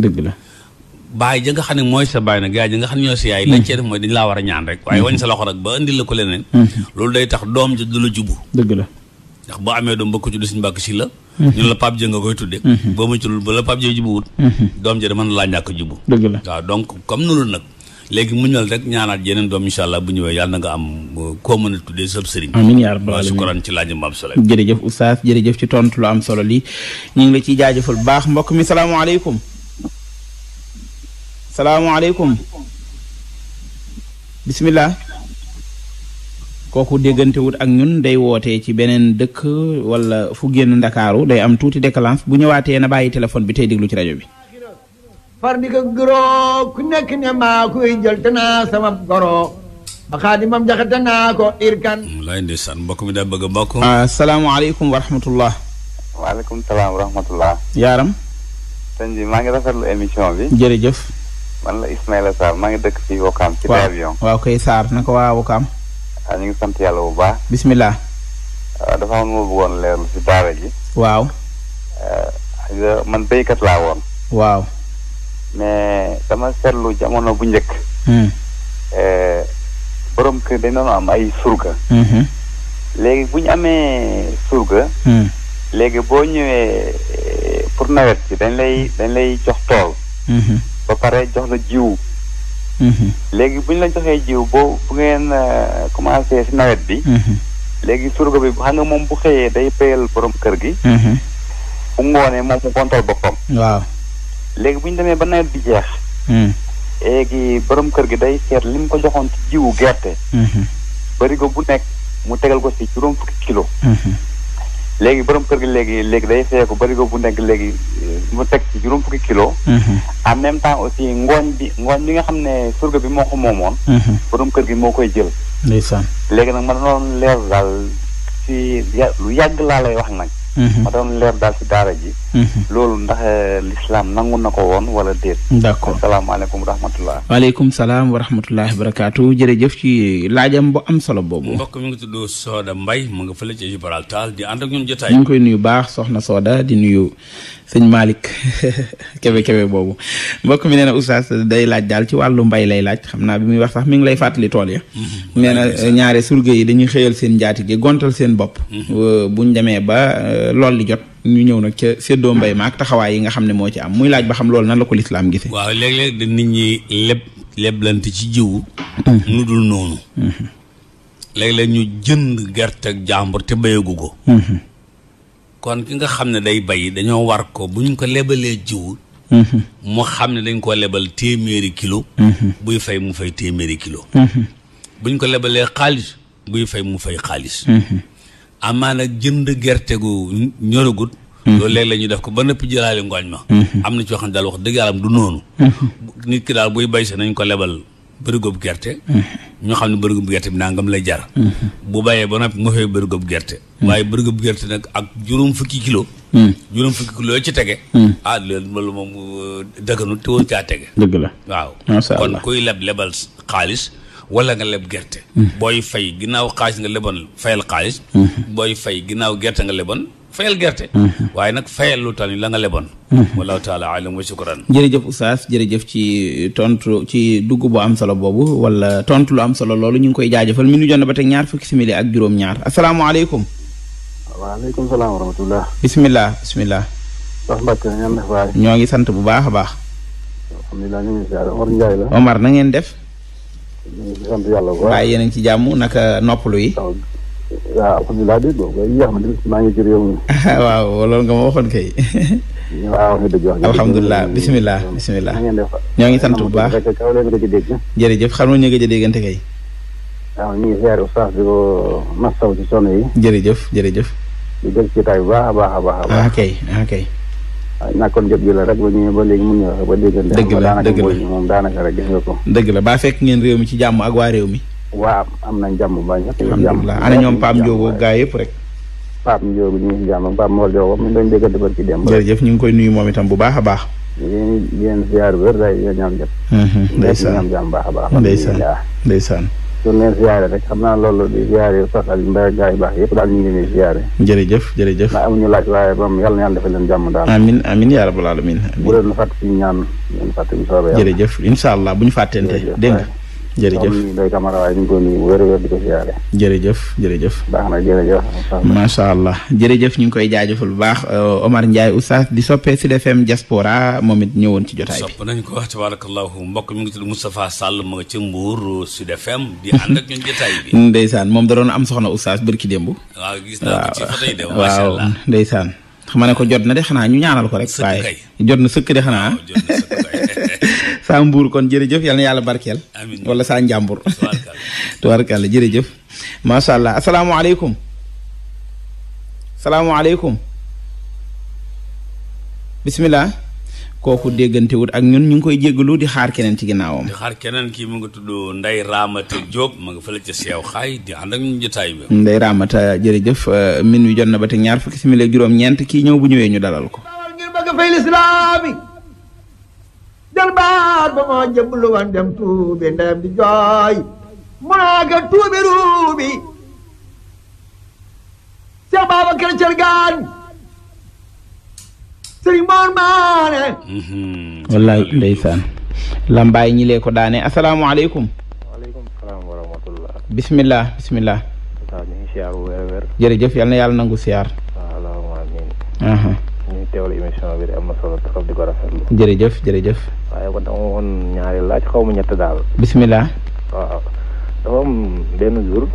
dëgg la baay ja nga xam ne mooy sa baay nag yaay ja xam ne ñoo si yaay lañ hmm. cee def mooy dañu laa war a ñaan rek waaye hmm. wañ sa loxo nag ba indil la ko leneen hmm. loolu day tax doom ji la jubbu dëgg la ndax boo amee doom ba ko tudd si la la Pape Dieng nga koy tuddee boo mu ba la Pape Dieng jubbuwut doom ji da mën laa ñàkk jubbu dëgg la waaw donc comme noonu nag léegi muñal rek ñaanaat yeneen doom incha allah bu ñëwee yàlla na nga am uh, koo mën a tuddee sab sëriñ amiin yaa rabbal aalamiin sukkuraan ci laaj bu am solo li ñu ngi la ciy jaajëfal baax mbokk mi salaamaaleykum salaamualeykum bisimilah kooku déggantewut ak ñun day woote ci beneen dëkk wala fu génn ndakaaru day am tuuti décalance bu ñëwaatee na bàyyi téléphone bi tey déglu ci rajo bi far di ko goro ku nekk ne maa koy jël te naa sama goro ba xaadimam jaxate naa ko irkan lay ndeysaan mbokk bëgg bokk asalaamaaleykum ah, wa rahmatullah waaleykum salaam wa rahmatullah yaaram sëñ bi maa ngi rafetlu émission bi jërëjëf man la Ismaïla Sarr maa ngi dëkk fii Wokam ci avion waaw koy Sarr naka waa Wokam waaw ah, ñu ngi sant yàlla bu baax bismillah waaw ah, dafa am ma bëggoon leerlu si daara ji waaw ah, man béykat laa woon waaw mais dama seetlu jamono bu njëkk hmm. eh, borom kër ay surga hmm. léegi bu amee surga hmm. léegi boo ñëwee eh, pour nawet bi dañ lay dañ lay jox tool ba pare jox la jiwu. Mhm. léegi bu ñu la joxee jiw boo bu ngeen euh, commencé si nawet bi. Mhm. léegi surga bi xam nga moom bu xëyee day pëyal borom kër gi. Mhm. bu ngoonee moom mu gontal boppam. waaw léegi bu ñu demee ba nawet bi jeex. léegi borom kër gi day seet li mu ko joxoon ci jiwu gerte. barigo bu nekk mu tegal ko si juróom fukki kilo. léegi borom kër gi léegi léegi day feeku barigo bu nekk léegi mu teg ci juróom fukki kilo mhm. en même temps aussi ngooñ bi ngooñ bi nga xam ne surga bi moo ko moomoon mhm. borom kër gi moo koy jël ndeysaan léegi nag ma doon leer daal si lu yàgg laa lay wax nag mhm. ma doon leer daal si daara ji Mhm. loolu ndax eh, lislaam nangu na ko woon wala déet. d'accord asalaamaaleykum wa rahmatulah. waaleykum salaam wa rahmatulah barakaatu jëf ci laajam bu am solo boobu. mbokk mi ngi tudd Soda Mbaye mu nga fële ci Gibraltar di ànd ak ñun jotaay. ñu ngi koy nuyu baax soxna Soda di nuyu sëñ Malick kebe kebe boobu mbokk mi nee na oustaz day laaj daal ci wàllu mbay lay laaj xam naa bi muy wax sax mi ngi lay fàttali tool ya. Mhm. nee na ñaare surga yi dañuy xëyal seen njaati gi gontal seen bopp. Mhm. buñ demee ba eh, lool li jot. ñu ñëw nag ca séddoo mbay maak taxawaay yi nga xam ne moo ci am muy laaj ba xam loolu nan la ko lislaam gisee. waaw léeg-léeg da nit ñi leb leblante ci jiw hmm. nu dul noonu. Hmm. léeg-léeg ñu jënd gerte ak jàmbur te béyagu ko. Hmm. kon ki nga xam ne day bay dañoo war ko bu ñu ko lebalee jiw mu xam ne dañ koo lebal téeméeri kilo. buy fay mu fay téeméeri kilo. bu ñu ko lebalee xaalis buy fay mu fay xaalis. amaana jënd gerte gu ñoragut. Hmm. loolu léeg la ñuy def ko ba nëpp jëlaale ngooñ ma. Hmm. am na ci yoo xam ne daal wax dëgg yàlla du noonu. Hmm. nit ki daal buy bay si nañ ko lebal bërigoob gerte. ñoo xam ne bërigoob gerte bi nangam lay jar. bu bayee ba noppi nga fay bërigoob gerte. waaye bërigoob gerte nag ak juróom fukki kilo. juróom fukki kilo ci tege. ah loolu moom euh, dëgganu te woon caa tege. dëgg la waaw. kon kuy leb lebal xaalis. wala nga leb gerte. Hmm. booy fay ginnaaw xaalis nga leboon fayal xaalis. Hmm. booy fay ginnaaw gerte nga leboon fayal gerte. Hmm. waaye nag fayal lu tal ni la nga leboon. wallahu taala alam wa shukran. jërëjëf Oustaz jërëjëf ci tontu ci dugg bu am solo boobu wala tontu lu am solo loolu ñu ngi koy jaajëfal mi nu jonn ba te ñaar fukki simili ak juróom-ñaar asalaamaaleykum. waaleykum salaam wa bisimilah bisimilah. Oustaz ñoo ngi sant bu baax a baax. alhamdulilah ñu Omar Ndiaye na ngeen def. sant yàlla bu baax waaye yéen ngi ci jàmm naka noppalu yi. waaw alhamdulilah dégg nga maa ngi ci loolu nga ma waxoon kay. waaw wax dëgg wax dëgg. alhamdulilah bisimilah bisimilah. ñoo ngi sant bu baax. jërëjëf xam nga ñu ngi a déggante kay. waaw ñu ngi ziare oustaz di ko masaw ci sonn yi. jërëjëf jërëjëf. di jël ci tay ñàkkoon jot gi la rek ba ñu ba léegi mun ñu wax ba déggante. dëgg la dëgg la ko. dëgg la ba fekk ngeen réew mi ci jàmm ak waa réew mi. waaw am nañ jàmm ba ñëpp. alhamdulilah ana ñoom Pape Ndiogo gaa yëpp rek. Pape Ndiogo ñu ngi si jàmm Pape Mor Ndiogo mi doon déggante ba ci démb. jërëjëf ñu ngi koy nuyu moom itam bu baax a baax. yéen yéen ziar wér a baax. ndeysaan ndeysaan su ne ziare rek xam naa loolu di ziare yëpp daal ñu ngi leen di ziare. jërëjëf jërëjëf. ndax amuñu laaj waaye moom yàlla na yàlla defal leen jàmm daal. amiin amiin yaa rabbal aalamiin. bu leen fàtte si bu leen fàtte allah bu ñu fàtteente dégg jërëjëf Ndeye Camara ko nuyu jërëjëf jërëjëf baax na jërëjëf macha allah jërëjëf ñu ngi koy jaajëfal bu baax euh, Omar Ndiaye oustaz di soppee Sud FM diaspora moom it ñëwoon ci jotaay bi sopp nañ ko tabarakallahu mbokk mi ngi tudd Moustapha Sall ma nga ca Mbour Sud FM di ànd ak ñun jotaay bi ndeysaan moom da doon am soxna oustaz bërki démb waaw gis naa ko ci fa tey de ne ko jot na de xanaa ñu ñaanal ko rek waaye jot na sëkk de xanaa saa mbuur kon jërëjëf yal na yàlla barkeel. wala saa njàmbur. tubaarkàlla jërëjëf. macha allah asalaamualeykum. salaamualeykum. bisimilah. kooku déggantewut ak ñun ñu ngi koy jéggalu di xaar keneen ci ginnaawam. di xaar keneen kii mu nga tudd Ndeye Ramata Diop ma nga fële ca Seew xaay di ànd ak jërëjëf euh, min wi jot na ba te ñaar fukki simili juróom-ñeent kii ñëw bu ñëwee ñu dalal ko. del baat ba moo jëblu wan dem tuubi ndeyam di jooy mu naa ka tuubi ruubi Seex Babakar Cergaan sëriñ moon maane mhm. lambaay ñi ko daane assalaamu aleykum waaleykum salaam wa rahmatullah bismillah bismillah waaw ñu ngi siyaar bu wér a wér na yàlla nangu siyaar waaw allahumma teewlu émission bi de ko rafetlu. jërëjëf jërëjëf. waaye kon dama woon ñaari laaj xaw ma ñett daal. bisimilah. waaw dafa am benn jour.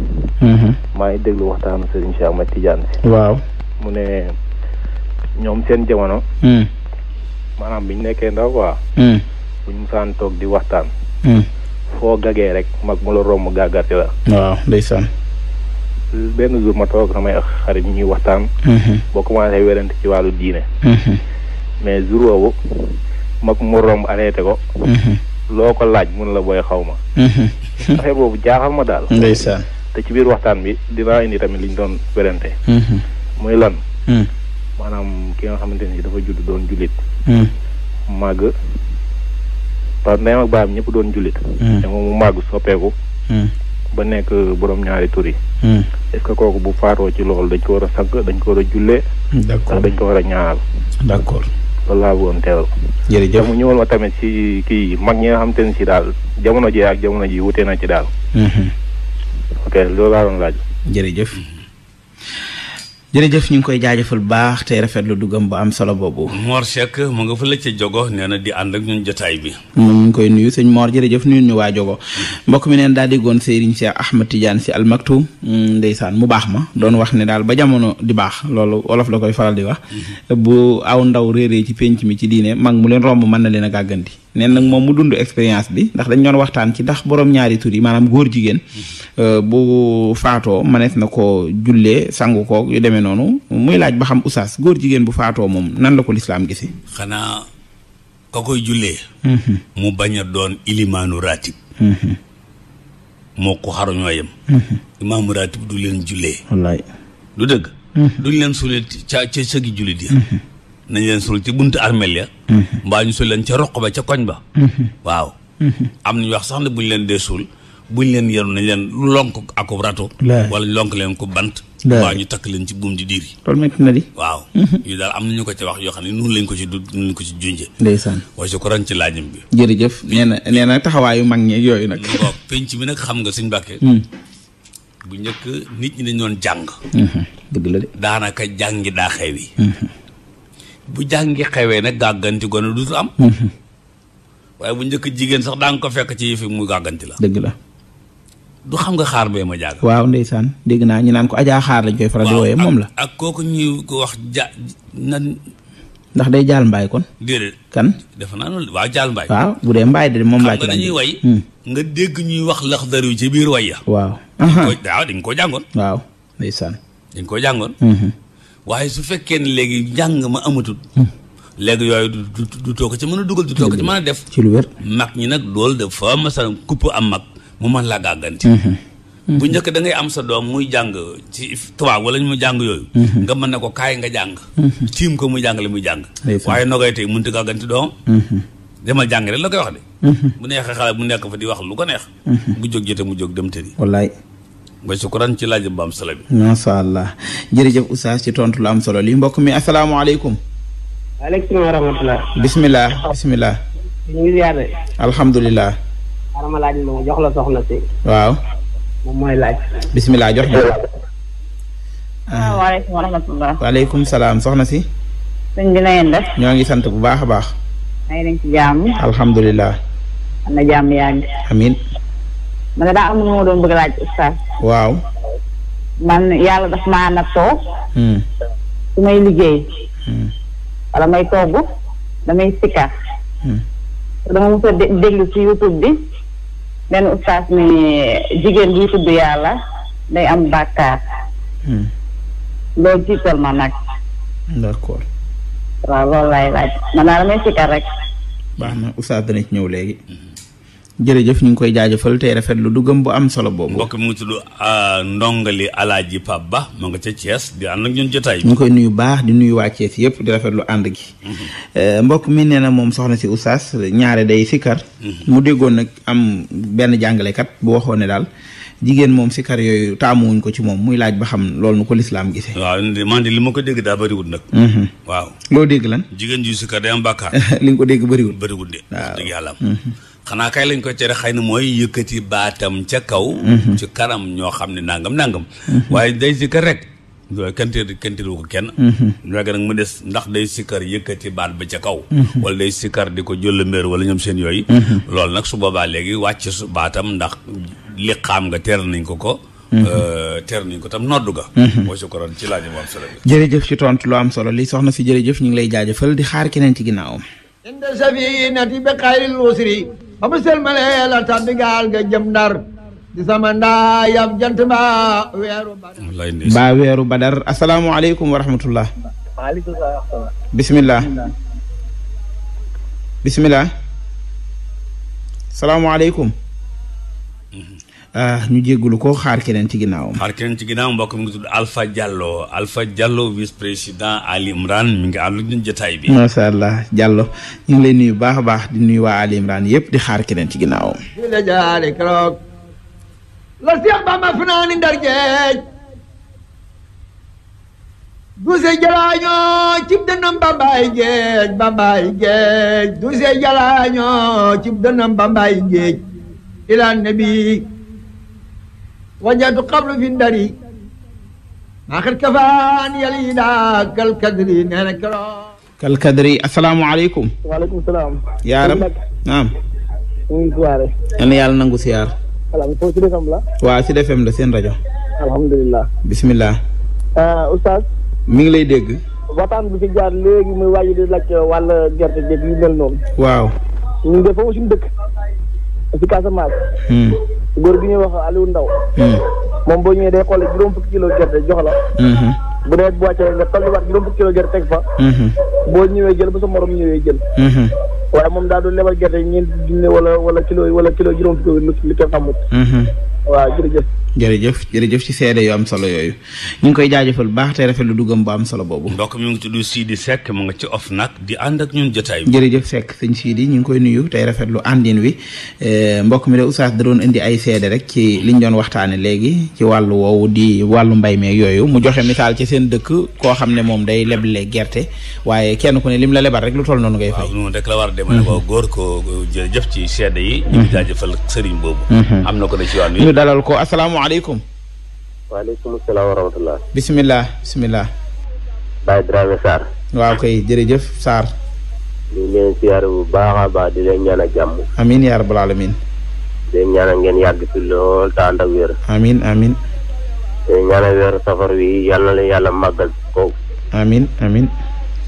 Mhm. maa ngi déglu waxtaanu Serigne Cheikh Ahmed Tidiane. waaw mu ne ñoom seen jamono. Mhm. maanaam bi ñu nekkee ndaw quoi. Mhm. bu ñu saan toog di waxtaan. foo rek mag mu la romb gàggati la. waaw ndeysaan. benn jour ma toog samay ak xarit ñuy waxtaan. Mhm. boo commencé werante ci wàllu diine. Mhm. mais jour boobu mag mu romb arrêté ko. Mhm. loo ko laaj mun la booy xaw ma. affaire boobu jaaxal ma daal. te ci biir waxtaan bi dinaa indi tamit liñ doon werante. muy lan. maanaam ki nga xamante ni dafa judd doon jullit. màgg par ndeyam ak baayam ñëpp doon jullit. te moom mu màgg soppeeku. ba nekk borom ñaari tur yi. Hmm. est-ce que kooku bu faatoo ci loolu dañ ko war a sàgg dañ ko war a jullee. d'accord dañ ko war a ñaanal. d'accord loolu laa bëggoon teewal. jërëjëf mu ñëwal ma tamit si kii mag ñi nga xam te ne si daal jamono jii ak jamono ji wute na ci daal. Hmm, hmm. ok loolu laa doon laaj. jërëjëf. jërëjëf ñu ngi koy jaajëfal baax tey rafetlu dugam ba am solo boobu. Mor Seck mu nga fa la ca Jogo nee na di ànd ak ñun jotaay bi. Mm, ñu ngi koy nuyu sëñ Mor jërëjëf nuyu ñu waa Jogo mbokk mi neen daal deggoon goon Serigne Cheikh Ahmed Tidiane si almaktum mm, ndeysaan mu baax ma doon wax ne daal ba jamono di baax loolu wolof la koy faral di wax mm-hmm. bu aw ndaw réeree ci penc mi ci diine mag mu leen romb mën na leen a gàggandi. neen nag moom mu dund expérience bi ndax dañ doon waxtaan ci ndax borom ñaari tur yi maanaam góor jigéen euh, bu faatoo manees na ko jullee sangu ko yu demee noonu muy laaj ba xam oustaz góor jigéen bu faatoo moom nan la ko lislaam gisi xanaa ka koy jullee mhm. mu bañ a doon ilimaanu ratib mhm. moo ko xaruñoo yem mhm. imaamu ratib du leen jullee wallaay du dëgg duñ leen suulee ca ca sëgi jullit yi nañ leen suul ci buntu armel ya mhm. mbaa ñu sul leen ca roq ba ca koñ ba mhm. waaw mhm. am nañu wax sax ne bu ñu leen dee suul bu ñu leen yaru nañ leen lonk akub rato wala lonk leen ko bant waaw ñu takk leen ci buum di diir yi loolu na waaw yu daal am nañu ko ca wax yoo xam ne nun leen ko ci du nun ko ci junje ndeysaan waaye su ko ran ci laajam bi jërëjëf nee na nee na taxawaayu mag ñeeg yooyu nag waaw penc mi nag xam nga suñ bàkkee hmm. bu njëkk nit ñi dañ doon jàng daanaka jàngi daa xew bu jàngi xewee nag gàgganti gone dutul am mhm. waaye bu njëkk jigéen sax daa ko fekk ci yëfi muy gàgganti la dëgg la du xam nga xaar bee ma jàgg waaw ndeysaan dégg naa ñu naan ko ajaa xaar lañ koy faral di wooyee ak kooku ñuy ko wax ja nan ndax day jaal mbaay kon déedéet kan defe naa noonu waaw jaal mbaay waaw bu dee mbaay de moom laa ci dañuy way hmm. nga dégg ñuy wax laxdar yu ci biir way ya waaw dañ ko jàngoon waaw ndeysaan dañ koo jàngoon hmm. waaye su fekkee ne léegi jàng ma amatul. Hmm. léegi yooyu du du du ko ci mën a dugal. du toog ko ci mën a def. ci lu wér mag ñi nag loolu dafa masalan kupp am mag mu man laa gàgganti. Hmm. Hmm. bu njëkk dangay am sa doom muy jàng ci tubaab wala ñu mu jàng yooyu. nga mën na ko kaay nga jàng. tiim ko muy jàng li muy jàng. waaye nogay tey mun a gàgganti doom. demal jàng rek la koy wax de. mu neexee xale mu nekk fa di wax lu ko neex. mu jóg jotee mu jóg dem tëri. wallaay. wa sukran ci laaj bu solo bi. macha allah jërëjëf Oustaz ci tontu lu solo li mbokk mi asalaamaaleykum. waaleykum wa rahmatulah. bisimilah bisimilah. ñu laaj ma jox la waaw. moom laaj. bisimilah jox ma. salaam soxna si. sëñ ñoo ngi sant bu baax a baax. maa ngi ma ne daa am lu ma doon bëgg laaj oustaz. waaw. man yàlla daf maa nattoo. Hmm. su may liggéey. Hmm. wala may togg damay sikkar. Hmm. dama mos a déglu ci youtube bi benn oustaz ni jigéen buy tudd yàlla day am bàkkaar. loolu jiital ma nag. d'accord. waaw loolu laay laaj man daal damay sikkar rek. baax na oustaz dana ci ñëw léegi. jëf ñu ngi koy jaajëfal tey rafet lu duggam bu am solo boobu. mbokk mi mu ngi tudd ah, ndongali alaaji Pape Ba ma nga ca Thiès di ànd ak ñun jotaay bi. ñu ngi koy nuyu baax di nuyu waa Thiès yëpp rafet lu ànd gi. Mhm. Eh, mbokk mi nee na moom soxna si oustaz ñaare day sikkar. Mhm. mu déggoon nag am benn jàngalekat bu waxoon ne daal. jigéen moom si kar yooyu taamuwuñ ko ci moom muy laaj ba xam loolu nu ko lislaam gisee. waaw man li ma ko dégg daa bëriwul nag. Mhm. waaw loo dégg lan. jigéen ju si day am bàkkaar. li nga ko dégg bëriwul. bëriwul de. waaw dëgg yàlla xanaa kay lañ ko cere xay na mooy yëkkati baatam ca kaw. Mhm. ci kanam ñoo xam ne nangam nangam. Mhm. waaye day sikkar rek. waaye kantir kantiru ko kenn. Mhm. léegi mu des ndax day sikkar yëkkati baat ba ca kaw. wala day di ko jël mbir wala ñoom seen yooyu. loolu nag su boobaa léegi wàcc su baatam ndax li xaam nga teel nañ ko ko. Euh, teer nañ ko tam noddu ga. boo si ko ci laaj bu am solo bi. ci tontu lu am solo li soxna si jëf ñu ngi lay jaajëfal di xaar keneen ci ginnaawam. ba mu selmalee la tàbbi gaal nga jëm ndar di sama ndaayam jant ba weeru badar ba weeru badar asalaamaaleykum wa rahmatullah waaleykum bismillah bismillah salaamaaleykum Ah, ñu jéggalu ko xaar keneen ci ginnaawam. xaar keneen ci ginnaawam mbokk mi ngi tudd Alpha Diallo Alpha Diallo vice président Ali Imran mi ngi ànd ak jotaay allah Diallo ñu ngi lay baax a baax di nuyu waa Ali Imran yëpp di xaar keneen ci ginnaawam. la Seex Bamba fanaani Ndar géej duse jalaañoo cib dënam bambaay géej bambaay géej duse jalaañoo cib dënam bambaay géej ila nabi wajatu qablu fi dari maaxat kafaan yàlla yi daa kalkadri nee na keroog. kalkadri asalaamualeykum. waaleykum salaam. yaaram naam. ñu ngi yàlla nangu siyaar. alhamdulilah Sud FM la. waaw Sud FM la seen rajo. alhamdulilah. bisimilah. Euh, oustaz. mi ngi lay dégg. waxtaan bi fi jaar léegi muy waaj di laaj wàll gerte gi yu mel noonu. waaw. ñun de foofu suñu dëkk. si Casamance. góor gi ñuy wax Aliou Ndaw moom boo ñëwee day xool juróom fukki kilo gerte jox la. bu nawet bu wàccee nga tolluwaat juróom fukki kilo gerte teg fa. boo ñëwee jël bu sa morom ñëwee jël. waaye moom daal du lebal gerte ñeent junne wala wala kilo wala kilo juróom fukki lu lu kenn waa waaw jërëjëf. jërëjëf jërëjëf ci seede yo am solo yooyu ñu ngi koy jaajëfal baax te rafet lu duggam bu am solo boobu mbokk mi ngi tudd Sidi Seck mu nga ci of nag di ànd ak ñun jotaay bi jërëjëf ñu ngi koy nuyu tey rafet lu àndin wi eh, mbokk mi de oustaz da doon indi ay seede rek ci liñ doon waxtaane léegi ci wàllu woowu di wàllu mbay meeg yooyu mu joxe misaal ci seen dëkk koo xam ne moom day leble gerte waaye kenn ku ne lim la lebar rek lu toll noonu ngay fay noonu rek la war a demee mhm. waaw góor ko jërëjëf ci seede mhm. mhm. ci wàllu ñu dalal ko asalaamaaleykum salaamaaleykum. waaleykum salaam wa rahmatulah. bisimilah bisimilah. Baye Dramé Sarr. waaw kay jërëjëf Sarr. ñu ngi leen siyaare bu baax a baax di leen ñaan a jàmm. amiin yaa rabbal aalamiin. di leen ñaanal ngeen yàgg fi lool te ànd ak wér. amiin amiin. di leen safar wi yal na la yàlla màggal kaw. amiin amiin.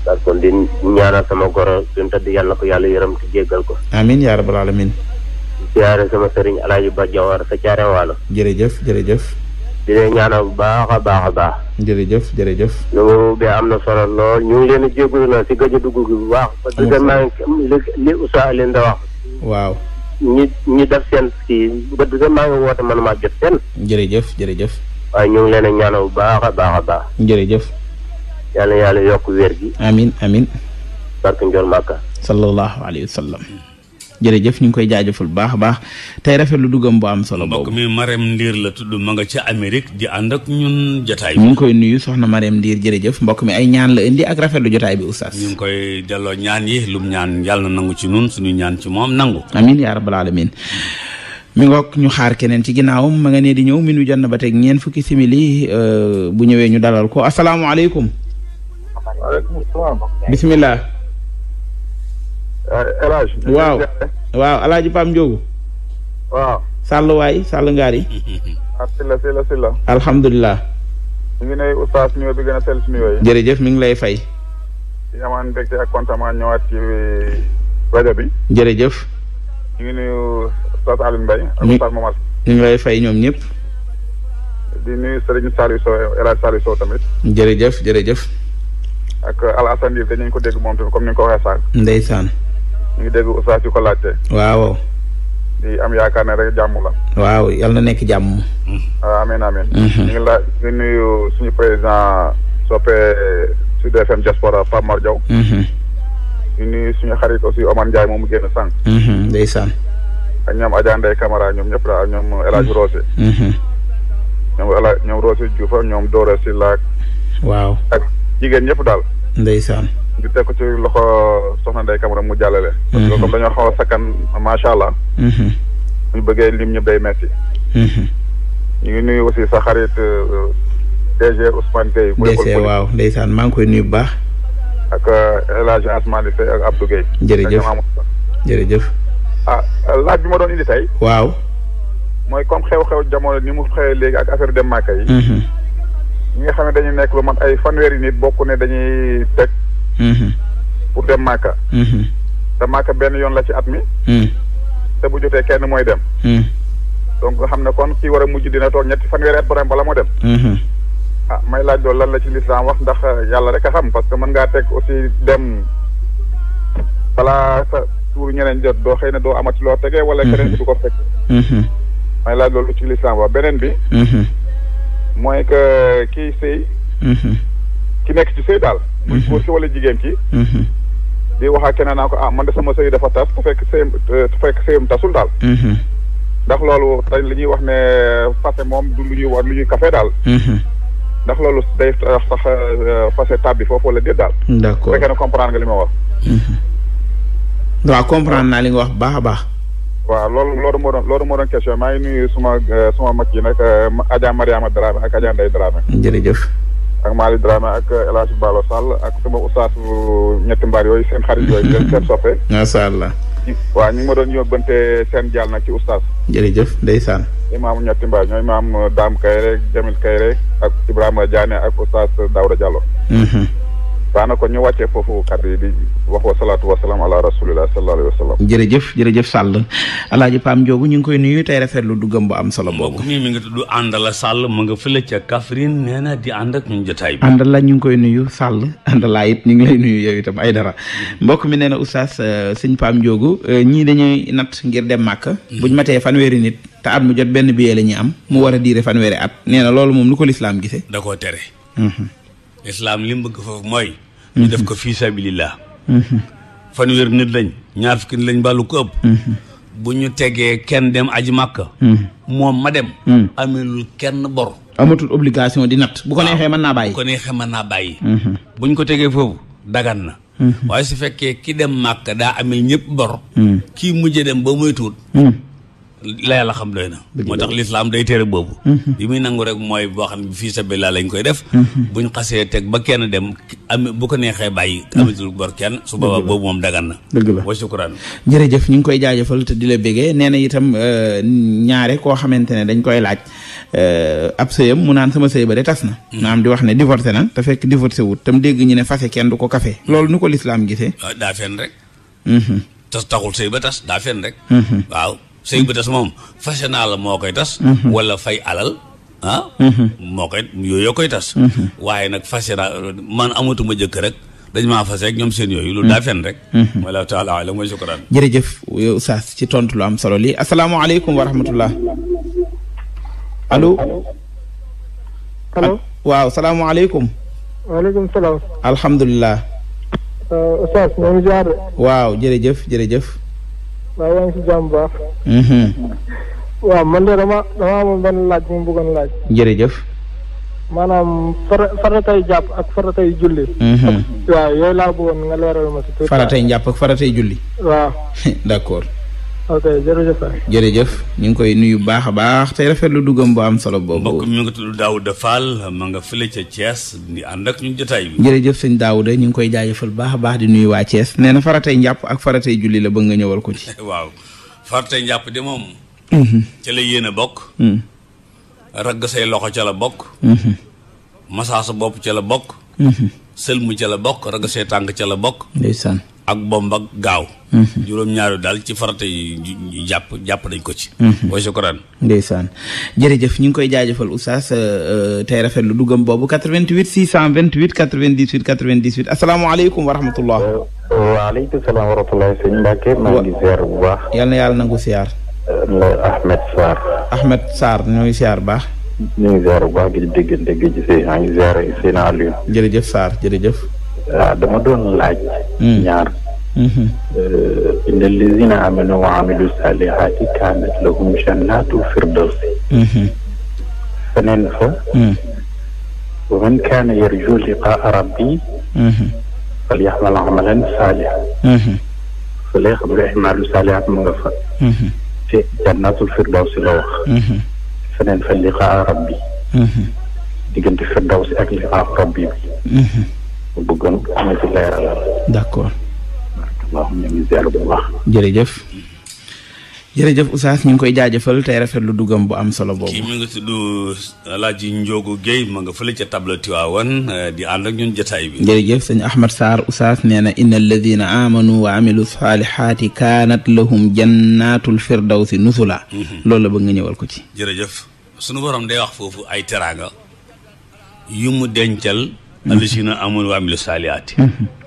parce que di ñaanal sama goro suñu tëdd yàlla ko yàlla yërëm te jéggal ko. amiin yaa rabbal aalamiin. siyaare sama sëriñ Alaaji Ba Jawar sa caare waalo jërëjëf jërëjëf di leen ñaanal bu baax a baax a baax jërëjëf jërëjëf lu am na solo lool ñu ngi leen di na si gëj a dugg gi bu baax parce que maa ngi li da wax waaw ñi ñi def seen si ba du maa maa jot seen jërëjëf jërëjëf waaye ñu leen a bu baax a baax a baax jërëjëf yàlla yàlla yokk wér gi amin amin barke Ndiol Màkka sallallahu alayhi wa sallam jërëjëf ñu ngi koy jaajëfal bu baax a baax tey rafet lu duggam bu am solo boobu mbokk mi Marème Ndiir la tudd ma nga ca Amérique di ànd ñun jotaay bi ñu ngi koy nuyu soxna Marème Ndiir jërëjëf mbokk mi ay ñaan la indi ak rafetlu jotaay bi oustaz ñu ngi koy jaloo ñaan yi lum ñaan yàlla na nangu ci nun suñu ñaan ci moom nangu amin yaa rabbal alamin mi ngoog ñu xaar keneen ci ginnaawam ma nga ne di ñëw minu jot na ba teg ñeen fukki simili euh, bu ñëwee ñu dalal ko asalaamaaleykum waaleykum bismillah Hadj. waaw waaw El Hadj Pam waaw. Sall waay Sall Ngaari. ak ah, Silla ngi nuyu oustaz jërëjëf mi ngi lay fay. di amaan mbégte ak euh, jërëjëf. ñu ngi nuyu oustaz Alioune Mbaye ak oustaz Momar. ñu ngi lay fay ñoom ñëpp. di nuyu Serigne euh, ko dégg moom tamit comme ni ko waxee sànq. ndeysaan. ñu ngi dégg oustaz yu ko laajte. waaw. di am yaakaar ne rek jàmm la. waaw yal na nekk jàmm. Ah, amiin amiin. Mhm. la suñu président soppe Sud FM diaspora Pape Mor Diaw. ñu mhm. suñu xarit aussi Omar Ndiaye moomu génn sànq. Mhm, ndeysaan. ak ñoom Adja Ndeye ñoom ñëpp daal ñoom El Hadj Rosé. ñoom El Hadj ñoom waaw jigéen ñëpp daal. ndeysaan. ñu teg ko ci loxo soxna Ndeye Camara mu jàllale. Mhm. dañoo xaw a sakkan macha allah. Mhm. ñu bëggee lim ñëpp day metti. Mhm. ñu ngi nuyu aussi sa xarit euh, DG Ousmane Gueye. DG waaw ndeysaan maa ngi koy nuyu bu baax. ak euh, El ah, bi ma doon indi tey. waaw. mooy comme xew-xew jamono ni mu xewee léegi ak affaire dem Màkka yi. ñi nga xam ne dañuy nekk lu mat ay fanweeri nit bokk ne dañuy teg. pour dem màkka te màkka benn yoon la ci at mi te bu jotee kenn mooy dem donc nga xam ne kon kii war a mujj dina toog ñetti fanweeri at borom bala moo dem ah may laaj loolu lan la ci lislaam wax ndax yàlla rek a xam parce que mën ngaa teg aussi dem balaa sa tuur ñeneen jot doo xëy na doo amati loo tegee wala keneen du ko fekk may laaj loolu ci lislaam wax beneen bi mooy que kii sëy ki nekk ci sëy daal muy mhm. góor si wala jigéen ki mhm. di wax ak keneen naa ko ah man de sama sëy dafa tas fekk sëyam bu euh, tasul daal mhm. ndax loolu dañ li ñuy wax ne euh, fase moom du lu ñuy war lu ñuy café daal ndax loolu day sax euh, fase bi foofu wala déet daal d'accord fekkee ne comprendre nga li ma wax waaw comprendre naa li nga wax baax a baax waaw loolu loolu moo doon loolu moo doon question maa ngi nuyu suma suma mag yi nag Adja Mariama Dramé ak Adja Ndeye Dramé jërëjëf ak Malick Dramé ak El Balo Sall ak sama oustaz ñetti mbaar yooyu seen xarit yooyu di leen seen soppe. macha allah. waaw ñu ngi ma doon yóbbante seen ki nag ci oustaz. jërëjëf ndeysaan. imaamu ñetti mbaar ñooy imaam Dame Kayre Jamil Kayre ak Ibrahima Diané ak oustaz Daouda Diallo. Mhm. baax na ko ñu wàccee foofu kàddu yi di wax wa salaatu wa salaam ala rasulillah sallallahu alayhi wa sallam. jërëjëf jërëjëf Sall alaaji Pam joogu ñu ngi koy nuyu tey rafetlu duggam bu am solo boobu. mi mi ngi tudd Andala Sall mu nga fële ca Kaffrine nee na di ànd ak ñun jotaay bi. Andala ñu ngi koy nuyu Sall Andala it ñu ngi lay nuyu yow itam ay dara mbokk mi nee na oustaz euh, sëñ Pam Njoogu euh, ñii dañuy natt ngir dem Màkka. buñ matee fanweeri nit. te at mu jot benn billet la ñuy am mu war a diire fanweeri at nee na loolu moom lu ko lislaam gisee. dakoo tere. Mhm. lislaam li mu bëgg foofu mooy. ñu def ko fii sabilillah. fanweer nit lañ. ñaar fukki nit lañ balu ko ëpp. bu ñu tegee kenn dem aji màkk. moom ma dem. amilul kenn bor. amatul obligation di natt. bu ko neexee mën naa bàyyi bu ko neexee mën naa bàyyi. Mhm. bu ñu ko tegee foofu dagan na. Mhm. waaye su fekkee ki dem màkk daa amee ñëpp bor. Mhm. kii mujjee dem ba muy tuut. la yàlla xam doy na moo tax lislaam day tere boobu bi mhm. muy nangu rek mooy boo xam ne fii sa bi lañ koy def mhm. buñ xasee teg ba kenn dem am bu ko neexee bàyyi mhm. amatul bor kenn su boobaa boobu moom dagan na dëgg la wa sukkuraan jëf ñu ngi koy jaajëfal te di la bégee nee na itam euh, ñaare koo xamante ne dañ koy laaj euh, ab sëyam mu naan sama sëy ba de tas na maanaam di wax ne divorcé na te fekk divorcé wut tam dégg ñu ne fase kenn du ko kafe lool nu ko lislaam gisee ah, daa fen rek tas taxul ba tas daa fen sëy bu tas moom fase naa la moo koy tas mhm. wala fay alal ah. mhm. moo koy yooyu koy tas mhm. waaye nag fase naa man amatuma jëkk rek dañ maa fase ñoom seen yooyu loolu daa fen rek wala taala alam wa shukran jërëjëf tontu lu am solo li asalaamaaleykum wa rahmatullah salaam alhamdulilah euh, Oustaz ñoo waaw jërëjëf jërëjëf waaw yaa mhm. man de dama dama amoon benn laaj bu mu bëggoon laaj. jërëjëf. maanaam mhm. faratay jàpp ak faratay julli. waaw yooyu laa bëggoon nga leeral ma si. faratay jàpp ak faratay julli. waaw. d'accord. ok jërëjëf jërëjëf ñu ngi koy nuyu baax a baax tey rafetlu duggam bu am solo boobu. mbokk mi nga tudd Daouda Fall ma nga fële ca Thiès di ànd ak ñu jotaay bi. jërëjëf sëñ Daouda ñu ngi koy jaajëfal baax a baax di nuyu waa Thiès nee na faratay njàpp ak faratay julli la bëgg nga ñëwal ko ci. waaw faratay njàpp di moom. Mhm. ca la yéene bokk. Mhm. ragg say loxo ca la bokk. Mhm. masaa sa bopp ca la bokk. sëlmu ca la bokk ragg say tànk ca la bokk. ndeysaan. ak bomb ak gaaw mhm. juróom-ñaaru daal ci farata yi jàpp jàpp nañ ko ci wa mhm. shukran ndeysaan jërëjëf ñu ngi koy jaajëfal oustaz euh, euh, tey rafet lu duggam boobu 88 628 98 98 asalaamaaleykum wa rahmatullah waaleykum salaam wa rahmatullah sëñ Mbacke maa ngi ziar bu baax yal na yàlla nangu siyaar la Ahmed Sarr Ahmed Sarr ñooy siyaar baax ñu ngi ziar bu baax gi déggante gi ci sëy maa ngi ziar Seydina Aliou jërëjëf saar jërëjëf waaw ah, dama doon laaj hmm. ñaar inna allazina amanu wa amilu salihati kaanat lahum jannatu firdawsi feneen fa wa man kaana yarju liqaa rabbi falyaxmal amalan saalihan fa lay xam ne imaalu saalihat mu nga fa te jannatul firdawsi la wax feneen fa liqaa rabbi diggante firdawsi ak liqaa rabbi bi bu bëggoon amee ci leeralal d'accord waaw ñu ngi ziar bu baax. jërëjëf jërëjëf Oustaz ñu ngi koy jaajëfal tey rafetlu duggam bu am solo boobu. kii mi nga tudd El Hadj Ndiogo Guèye ma nga fële ca table Tiwaawan di ànd ak ñun jotaay bi. jërëjëf sëñ Ahmad Sarr Oustaz nee na inna alladina amanu wa amilu salihaati kaanat lahum jannatul firdawsi nusula. Mhm. loolu la bëgg nga ko ci. jërëjëf sunu borom day wax foofu ay teraanga yumu dencal. Mhm. alladina amanu wa amilu salihaati. Mhm.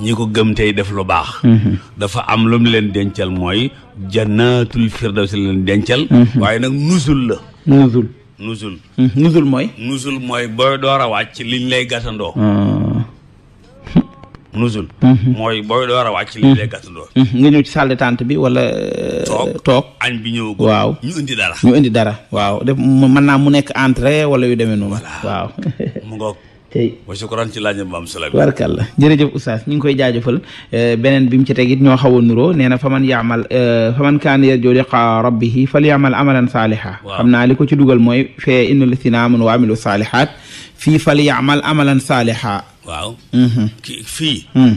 ñi ko gëm tey def lu baax mhm. dafa am lu leen dencal mooy jannatul firdawsi leen dencal mhm. waaye nag nusul la nusul nusul mhm. nusul mooy nusul mooy booy door a wàcc liñ lay gàttandoo ah. nusul mooy booy door a wàcc liñ lay gàttandoo nga ci salle d'attente bi wala toog euh, toog añ bi ñëw waaw ñu indi dara ñu indi dara waaw def mën naa mu nekk entrée wala yu nu noonu waaw tey wa shukran ci laaj maam Salaam barkalla jërëjëf oustaz ñu ngi koy jaajëfal eh, beneen bi mu ci teg it ñoo xaw a nuroo nee na faman yaamal eh, faman kaan yarju liqa rabbihi falyamal amalan saaliha xam naa li ko ci dugal mooy fee inna lasina amanu wa amilu saalihaat fii falyamal amalan saaliha waaw mm-hmm. ki fii mm.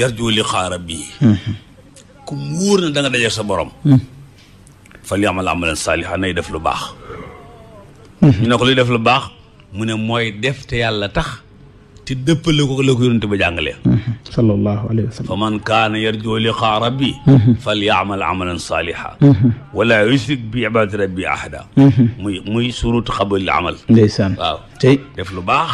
yarju liqa rabbihi mm-hmm. ku wóor na da nga sa borom mm. falyamal amalan saaliha nay def lu mm-hmm. ne ko def lu baax mu ne mooy def te yàlla tax te dëppale ko la ko yonent ba jàngalee mhm. sallallahu alayhi wa sallam fa man kaana yarju liqaa rabbi mhm. fal yaamal amalan saaliha mhm. wala yushrik bi ibadati rabbi ahada muy muy surut xabalil amal ndeysaan waaw tey def lu baax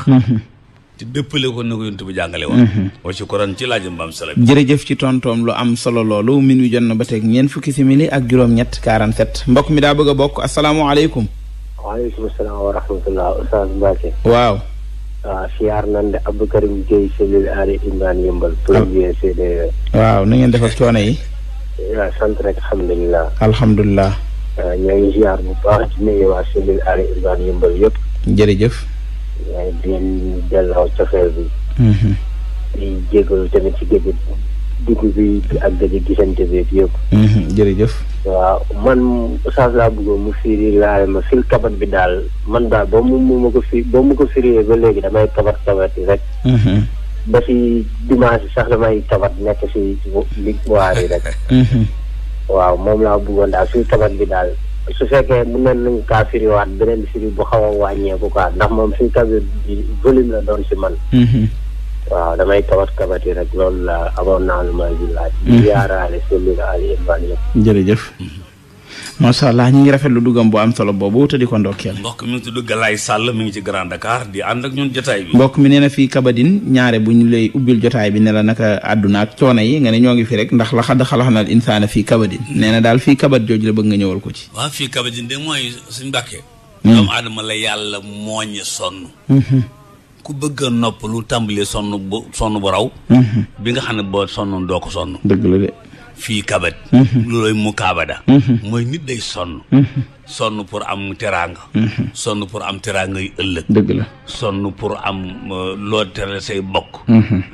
te dëppale ko na ko yonent bi jàngale woon wa shukran ci la ba am solo jërëjëf ci tontoom lu am solo loolu min wi jot na ba teg ñeent fukki simili ak juróom-ñett 47 mbokk mi daa bëgg a bokk asalaamaaleykum waaleykum salaam wa rahmatulah Oustaz Mbacke. waaw. waaw siyaar na ngeen defal coono yi. waaw alhamdulilah. alhamdulilah. ñoo ngi siyaar bu baax di nuyu waa cellule Aali Imran Yëmbal yëpp. bi. Mhm. di jégalu ci géej dugg bi ak gëj a gisante bi yëpp. Mhm, jërëjëf. waaw man Oustaz laa bëggoon mu firi laa ma fil kabat bi daal man daal ba mu mu ma ko fi ba mu ko firee ba léegi damay kabat kabat yi rek. Mhm. ba si dimanche sax damay kabat nekk si li mhm. waaw moom laa bëggoon daal fil kabat bi daal. su fekkee mën nañ nañ kaa firiwaat beneen firi bu xaw a wàññeeku quoi ndax moom fil kabat bi volume la doon si man. waaw damay kabat kabati rek loolu la amoon naa lu may laaj. yaaraale seen ali jërëjëf. Mm-hmm. macha ñu ngi rafetlu duggam bu am solo boobu te di ko ndokkeel. mbokk mi ngi tudd Galaye Sall mi ngi ci Grand Dakar di ànd mbokk mi nee na fii Kabadine ñaare bu ñu lay ubbil jotaay bi ne la naka àdduna ak coono yi nga ne ñoo ngi fi rek ndax la xadd xalax na insaana fii Kabadine mm-hmm. nee na daal fii kabat jooju la bëgg nga ñëwal ko ci. waaw fii Kabadine de mooy suñu mbàkkee. Mm-hmm. doomu aadama la yàlla mooñe sonn. ku bëgg a nopp lu tàmbalee sonn bu sonn bu raw. Mhm. bi nga xam ne boo sonnoon doo ko sonn. fii kabat mhm. loolooy mu kaabada mhm. mooy nit day sonn mhm. sonn pour am teraanga sonn pour am teraanga yu ëllëg dëgg la sonn pour am euh, loo teral say bokk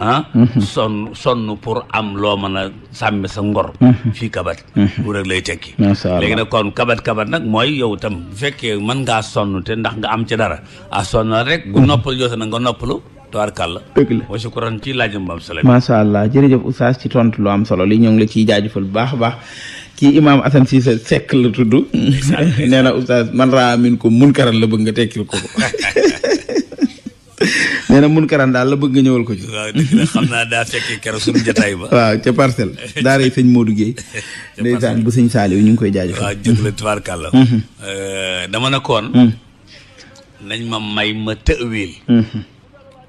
ah? sonn pour am loo mën a sàmmi sa ngor fii kabat lu rek lay tekki léegi nag kon kabat-kabat nag mooy yow tam bu fekkee mën ngaa sonn te ndax nga am ci dara a ah, sonn rek bu noppal joote na nga noppalu tubaarkàlla dëgg la wa shukran ci laajam bu am solo macha allah jërëjëf oustaz ci tontu lu am solo li ñoo ngi la ciy jaajëfal bu baax a baax kii imaam Assane Cissé Seck la tudd nee na oustaz man raa min ko munkaran la bëgg nga tekkil ko ko nee na munkaran daal la bëgg nga ñëwal ko ci waaw dëgg la xam naa daa fekk keroog suñu jotaay ba waaw ca parcelle daara yi sëñ Modou Guèye ndeysaan ñu ngi koy jaajëfal waaw jëg la tubaarkàlla mm-hmm. euh, dama na koon mm-hmm. nañ ma may ma tëwil mm-hmm.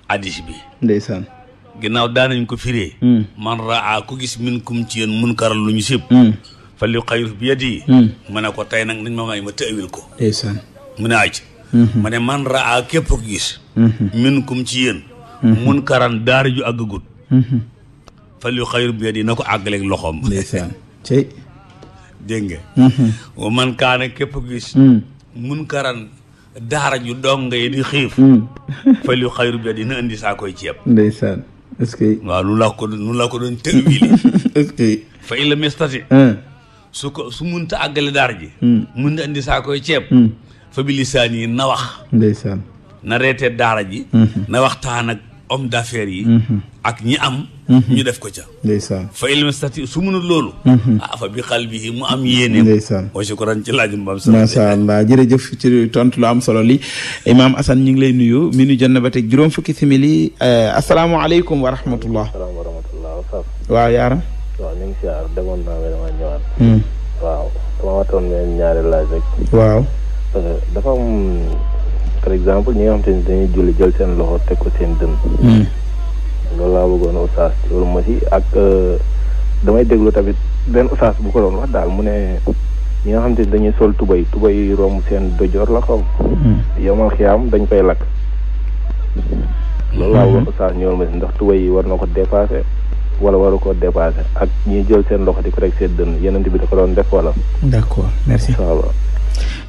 addis bi. ndeysaan. ginnaaw daanañ ko firee. Hmm. man raa ku gis min kum ci yéen mun karal lu ñu sib. Hmm. fa li xayru bi yadi. Hmm. ma ne ko tey nag nañ ma may ma tëwil ko. ndeysaan mu aj ma ne man raa képp ku gis. min kum ci yéen. mun karan daara ju àggagut. fa li xayru bi yadi na ko àggaleeg loxoom. ndeysaan cey. dégg man kaana képp ku gis. mun karan daara ju dong ngay di xiif. Hmm. fa lu xayru bi dina indi saa koy ceeb. ndeysaan est que. waaw lu laa ko lu laa ko doon tëwiili. est-ce fa il la mestati. Hmm. su ko su munta àggale daara ji. Hmm. mun na indi saa koy ceeb. fa bi lisaan yi na wax. ndeysaan na reetee daara ji. na waxtaan ak. homme d'affaires yi mhm. ak ñi am mhm. ñu def ko ca ndeysaan fa ilmi stati su mënul loolu mhm. ah fa bi xal bi mu am yéene ndeysaan wa shukran ci laajum bam sa tontu lu am solo li imaam Assane ñu ngi nuyu mi nu jot na ba teg juróom fukki simili eh, asalaamaaleykum wa rahmatullah wa rahmatullah waaw yaara waaw ñu ngi siyaar demoon naa vraiment ñëwaat hmm. waaw dama watoon leen ñaari laaj rek waaw eh, dafa am par exemple ñi nga xam te dañuy julli jël seen loxo teg ko seen dënn hmm. loolu laa bëggoon oustaz loolu ma si ak euh, damay déglu tamit benn oustaz bu ko doon wax daal mu ne ñi nga xam te ni dañuy sol tubay tubay romb seen dojoor la xaw hmm. yomal xiyaam dañ koy lakk loolu laa bëggoon hmm. oustaz ñëwal ma si ndax tubay yi war na ko dépassé wala waru ko dépassé ak ñi jël seen loxo di ko rek seen dënn yeneen bi da ko doon def wala d'accord merci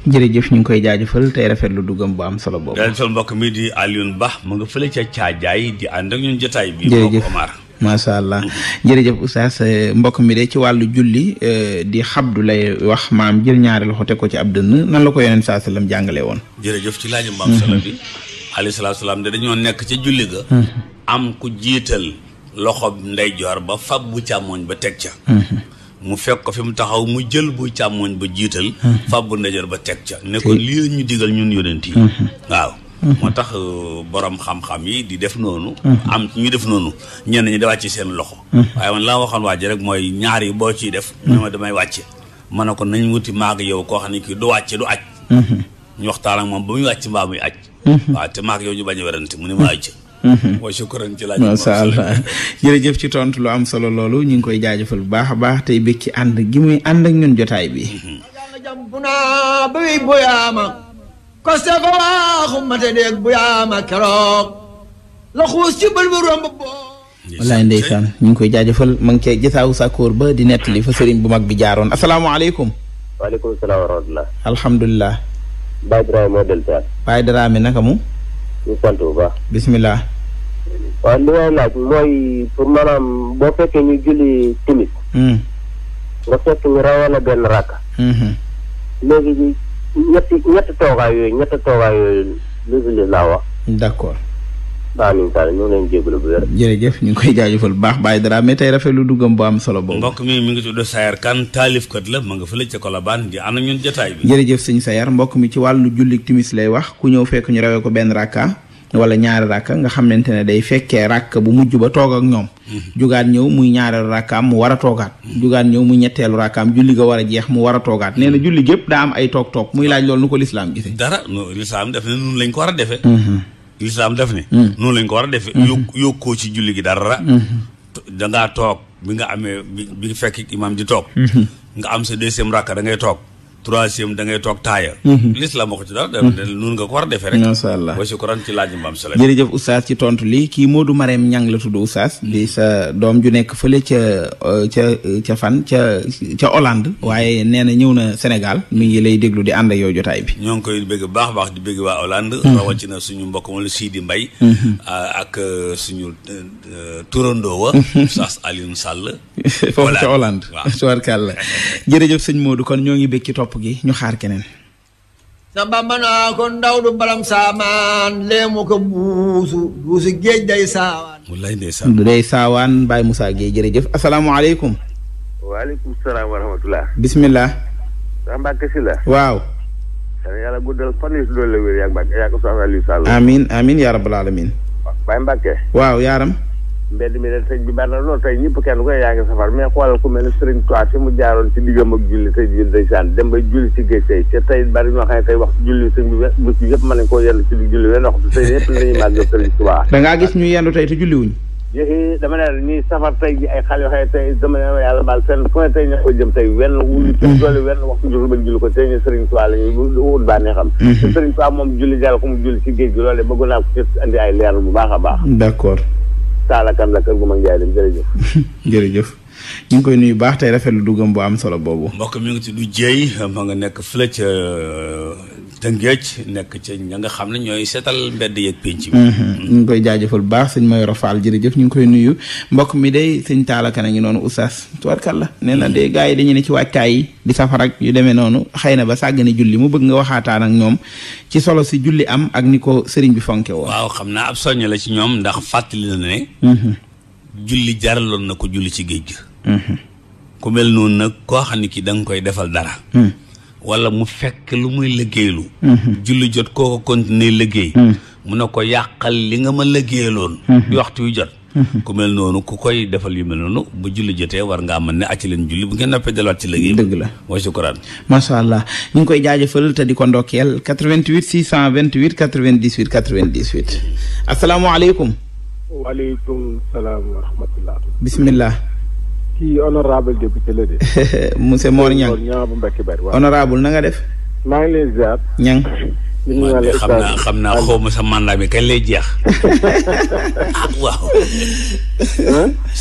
jërëjëf ñu ngi koy jaajëfal tey rafetlu duggam bu am solo boobu. jaajëfal mbokk mi di Alioune Ba mu nga fële ca caajaay di ànd ak ñun jotaay bi. jërëjëf Omar. macha allah jërëjëf oustaz euh, mbokk mi de ci wàllu julli euh, di xabdu lay wax maam jël ñaari loxo teg ko ci ab dënn nan la ko yonent saa sallam jàngale woon jërëjëf ci laaju maam sala bi mm-hmm. alayhi salaatu salaam de dañoo nekk ca julli ga mm-hmm. am ku jiital loxo ndeyjoor ba fab bu càmmoñ ba teg ca mm-hmm. mu fekk ko fi mu taxaw mu jël buy càmmooñ ba jiital mm-hmm. fab bu ndeyjoor ba teg ca ne ko lii ñu digal ñun yonent yi mm-hmm. waaw mm-hmm. moo tax euh, borom xam-xam yi di def noonu am ñuy def noonu ñenn ñi di wàcce seen loxo waaye man laa waxoon waa rek mooy ñaar yi boo ciy def ñu damay wàcce ma ne ko nañu wuti maag yow koo xam ne kii du wàcce du aj ñu waxtaan moom ba muy wàcc mbaa muy aj waaw te maag yow ñu bañ a werante mu ne ma aj Mhm. wa shukran ci laaj jërëjëf ci tontu lu am solo loolu ñu ngi koy jaajëfal bu baax a baax tey bëgg ci ànd gi muy ànd ak ñun jotaay bi koste mhm. ko waaxu mate deeg bu yaama keroog la ci bël bu romb boo wallaay ndeysaan ñu ngi koy jaajëfal ma ngi cee jësaawu sàkkoor ba di nettali fa sëriñ bu mag bi jaaroon asalaamaaleykum waaleykum salaam wa rahmatulah alhamdulilah Baye Dramé naka mu ñu bu baax bisimilah waaw li may laaj mooy pour maanaam boo fekkee ñu julli timis hmm. nga fekk ñu rawal a benn rakk hmm, hmm. léegi ñetti ñetti toogaay yooyu ñetti toogaay yooyu léegi laa wax d'accord baa nañu ñu ngi koy jaajëfal bu baax bàyyi dara mais tey rafet bu am solo boobu mbokk mi mi ngi tudd Sayar Kan taalifkat la ma nga fële ca Kolobaan di ànd ak ñun jotaay jërëjëf sëñ Sayar mbokk mi ci wàllu julli timis lay wax ku ñëw fekk ñu rawee ko benn rakka wala ñaare rakka nga xamante ne day fekkee rakk bu mujj ba toog ak ñoom mm-hmm. jugaat ñëw muy ñaareelu rakkaam mu war a toogaat mm-hmm. jugaat ñëw muy ñetteelu rakkaam julli ga war a jeex mu war a toogaat nee na mm-hmm. julli gépp daa am ay toog toog muy laaj loolu nu ko lislaam gisee dara no lislaam def ne noonu lañ ko war a defee lislaam def ne nu lañ ko war a defee yokk yokkoo ci julli gi dara danga toog bi nga amee bi fekk imaam di toog nga am sa deuxième rakka da ngay toog troisième da toog taaya mhm. l'islam ma ko ci daal mhm. nun nga ko war a rek masha allah wa shukran ci laaj mbaam solo jërëjëf oustaz ci tontu li kii Modou Marème Niang la tudd oustaz mhm. di sa doom ju nekk fële ca euh, ca euh, ca fan ca ca Hollande waaye nee na ñëw na senegal mu ngi lay déglu di ànd ak yow jotaay bi ñoo ngi koy bëgg baax baax di bëgg waa Hollande rawatina suñu mbokk moom la Sidi Mbaye ak euh, suñu turandoo wa oustaz Alioune Sall foofu ca Hollande waaw tubarkàlla jërëjëf sëñ Modou kon ñoo ngi bëgg ci topp topp gi ñu xaar keneen sa bamba naa ko ndaw du balam saamaan léemu ko buusu buusu géej day saawaan day saawaan day saawaan Baye Moussa Gueye jërëjëf asalaamaaleykum waaleykum salaam wa bismillah sax Mbàkke si la waaw waaw yaaram mbedd mi de sëñ bi bari na loolu tey ñëpp kenn ko yaa ngi safar mais xoolal ku mel ne Sëriñ Tuubaa fi mu jaaroon ci diggam ak julli tey julli day tey te tey bari koo yendu ci di julli wenn wax tey yëpp lañuy màggal Sëriñ Tuubaa da ngaa gis ñu yendu tey te julliwuñ yéegi dama ne nii safar tey ji ay xale yoo xam ne tey ko jëm julli ko la mhm. ko mu julli ci géej gi loole bëgg naa ko ci andi ay leer bu baax a baax d'accord taalakan la kër gu mag Njaay dem jërëjëf jërëjëf ñu ngi koy nuyu baax tey rafetlu dugam bu am solo boobu. mbokk mi ngi tudd Dieye ma nga nekk fële ca euh, Tëngéej nekk ca nga xam ne ñooy seetal mbedd yeeg penc mhm. mm. ñu ngi koy jaajëfal baax sëñ Mayoro Fall jërëjëf ñu ngi koy nuyu mbokk mi day sëñ Talla Kane ngi noonu Oustaz tubarkalla nee na mm. de gars yi dañu ne ci waajtaay yi di safar ak demee noonu xëy na ba sàgg ne julli mu bëgg nga waxaataan ak ñoom ci solo si julli am ak ni ko sëriñ bi fonke woo. waaw xam naa ab soññ la ci ñoom ndax fàttali na ne. Mhm. julli jaraloon na ko julli ci géej gi. Mhm. ku mel noonu nag koo xam ne kii da nga koy defal dara hmm. wala mu fekk lu muy liggéeylu mhm. julli jot koo ko continuer liggéey hmm. mun ne ko yàqal li nga ma liggéeyloon hmm. di waxtu yu jot ku mel noonu ku koy defal yu mel noonu bu julli jotee war ngaa mën ne acci leen julli bu ngeen noppee delluwaat ci léegi dëgg la wa sukkuraan macha allah ñu ngi koy jaajëfal te di ko ndokkeel 88 628 98 98 asalaamaaleykum waaleykum salaam wa rahmatullah bismillah kii honorable député la de. monsieur Mor Niang Mor Niang bu Mbacke honorable na nga def. maa ngi leen ziar. man de xam naa xam naa xaw ma sa mandat bi kañ lay jeex ah waaw.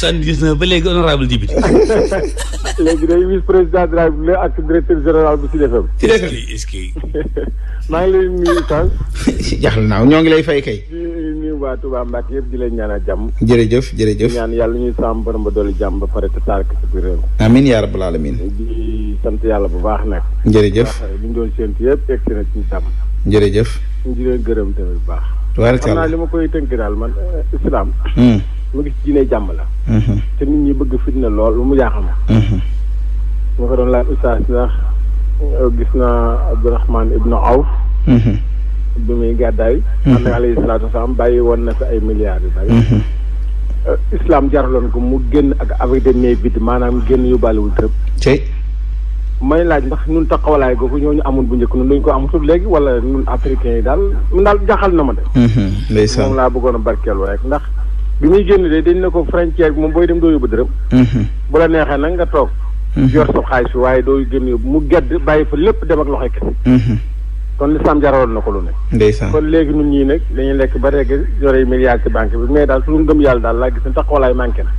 san gis na ba léegi honorable député. léegi day vice président de la République ak directeur général bu Sud FM. est-ce que ngi lay nuyu Sane. jaxal naaw ñoo ngi lay fay kay. di nuyu waa Touba Mbacke yëpp di leen ñaanal jàmm. jërëjëf jërëjëf. ñaan yàlla ñuy sàmm borom ba dolli jàmm ba pare te taal ko ci biir réew. amiin yaa rabbal aalamiin. di sant yàlla bu baax nag. jërëjëf. li ñu doon séntu yëpp egg na ci jàmm. jërëjëf. ñu ngi leen gërëm tamit bu baax. tubaarkalla xam naa li ma koy tënk daal man eh, islam. Hmm. mu gis diine jàmm la. Hmm. te nit ñi bëgg fitna lool mu jaaxal ma. Hmm. ma ko doon laaj ustaas ndax eh, gis naa Abdourahman ibnu Awf. bi muy gàddaay. am na alayhi salaatu wasalaam bàyyi woon na fi ay milliards yu bari. Eh, islam jaraloon ko mu génn ak avec des mains maanaam génn yóbbaale wu dërëm. may laaj ndax ñun taxawalaay googu ñooñu amoon bu njëkk ñun dañu ko amatul léegi wala ñun africain yi daal mun daal jaxal na ma de. Mhm, ndeysaan moom laa bëggoon a barkeelu rek ndax. bi muy génn de dañ ne ko frontière moom booy dem doo yóbbu dërëm. Mhm. la neexee nag nga toog. Mhm. yor sa xaalis waaye doo génn yóbbu mu gedd bàyyi fa lépp dem ak loxo kese. kon lislaam jaraloon na ko lu ne. ndeysaan kon léegi ñun ñii nag dañuy lekk ba rek yore milliards ci banque bi mais daal suñu ngëm yàlla daal laa gis ne taxawalaay manqué na.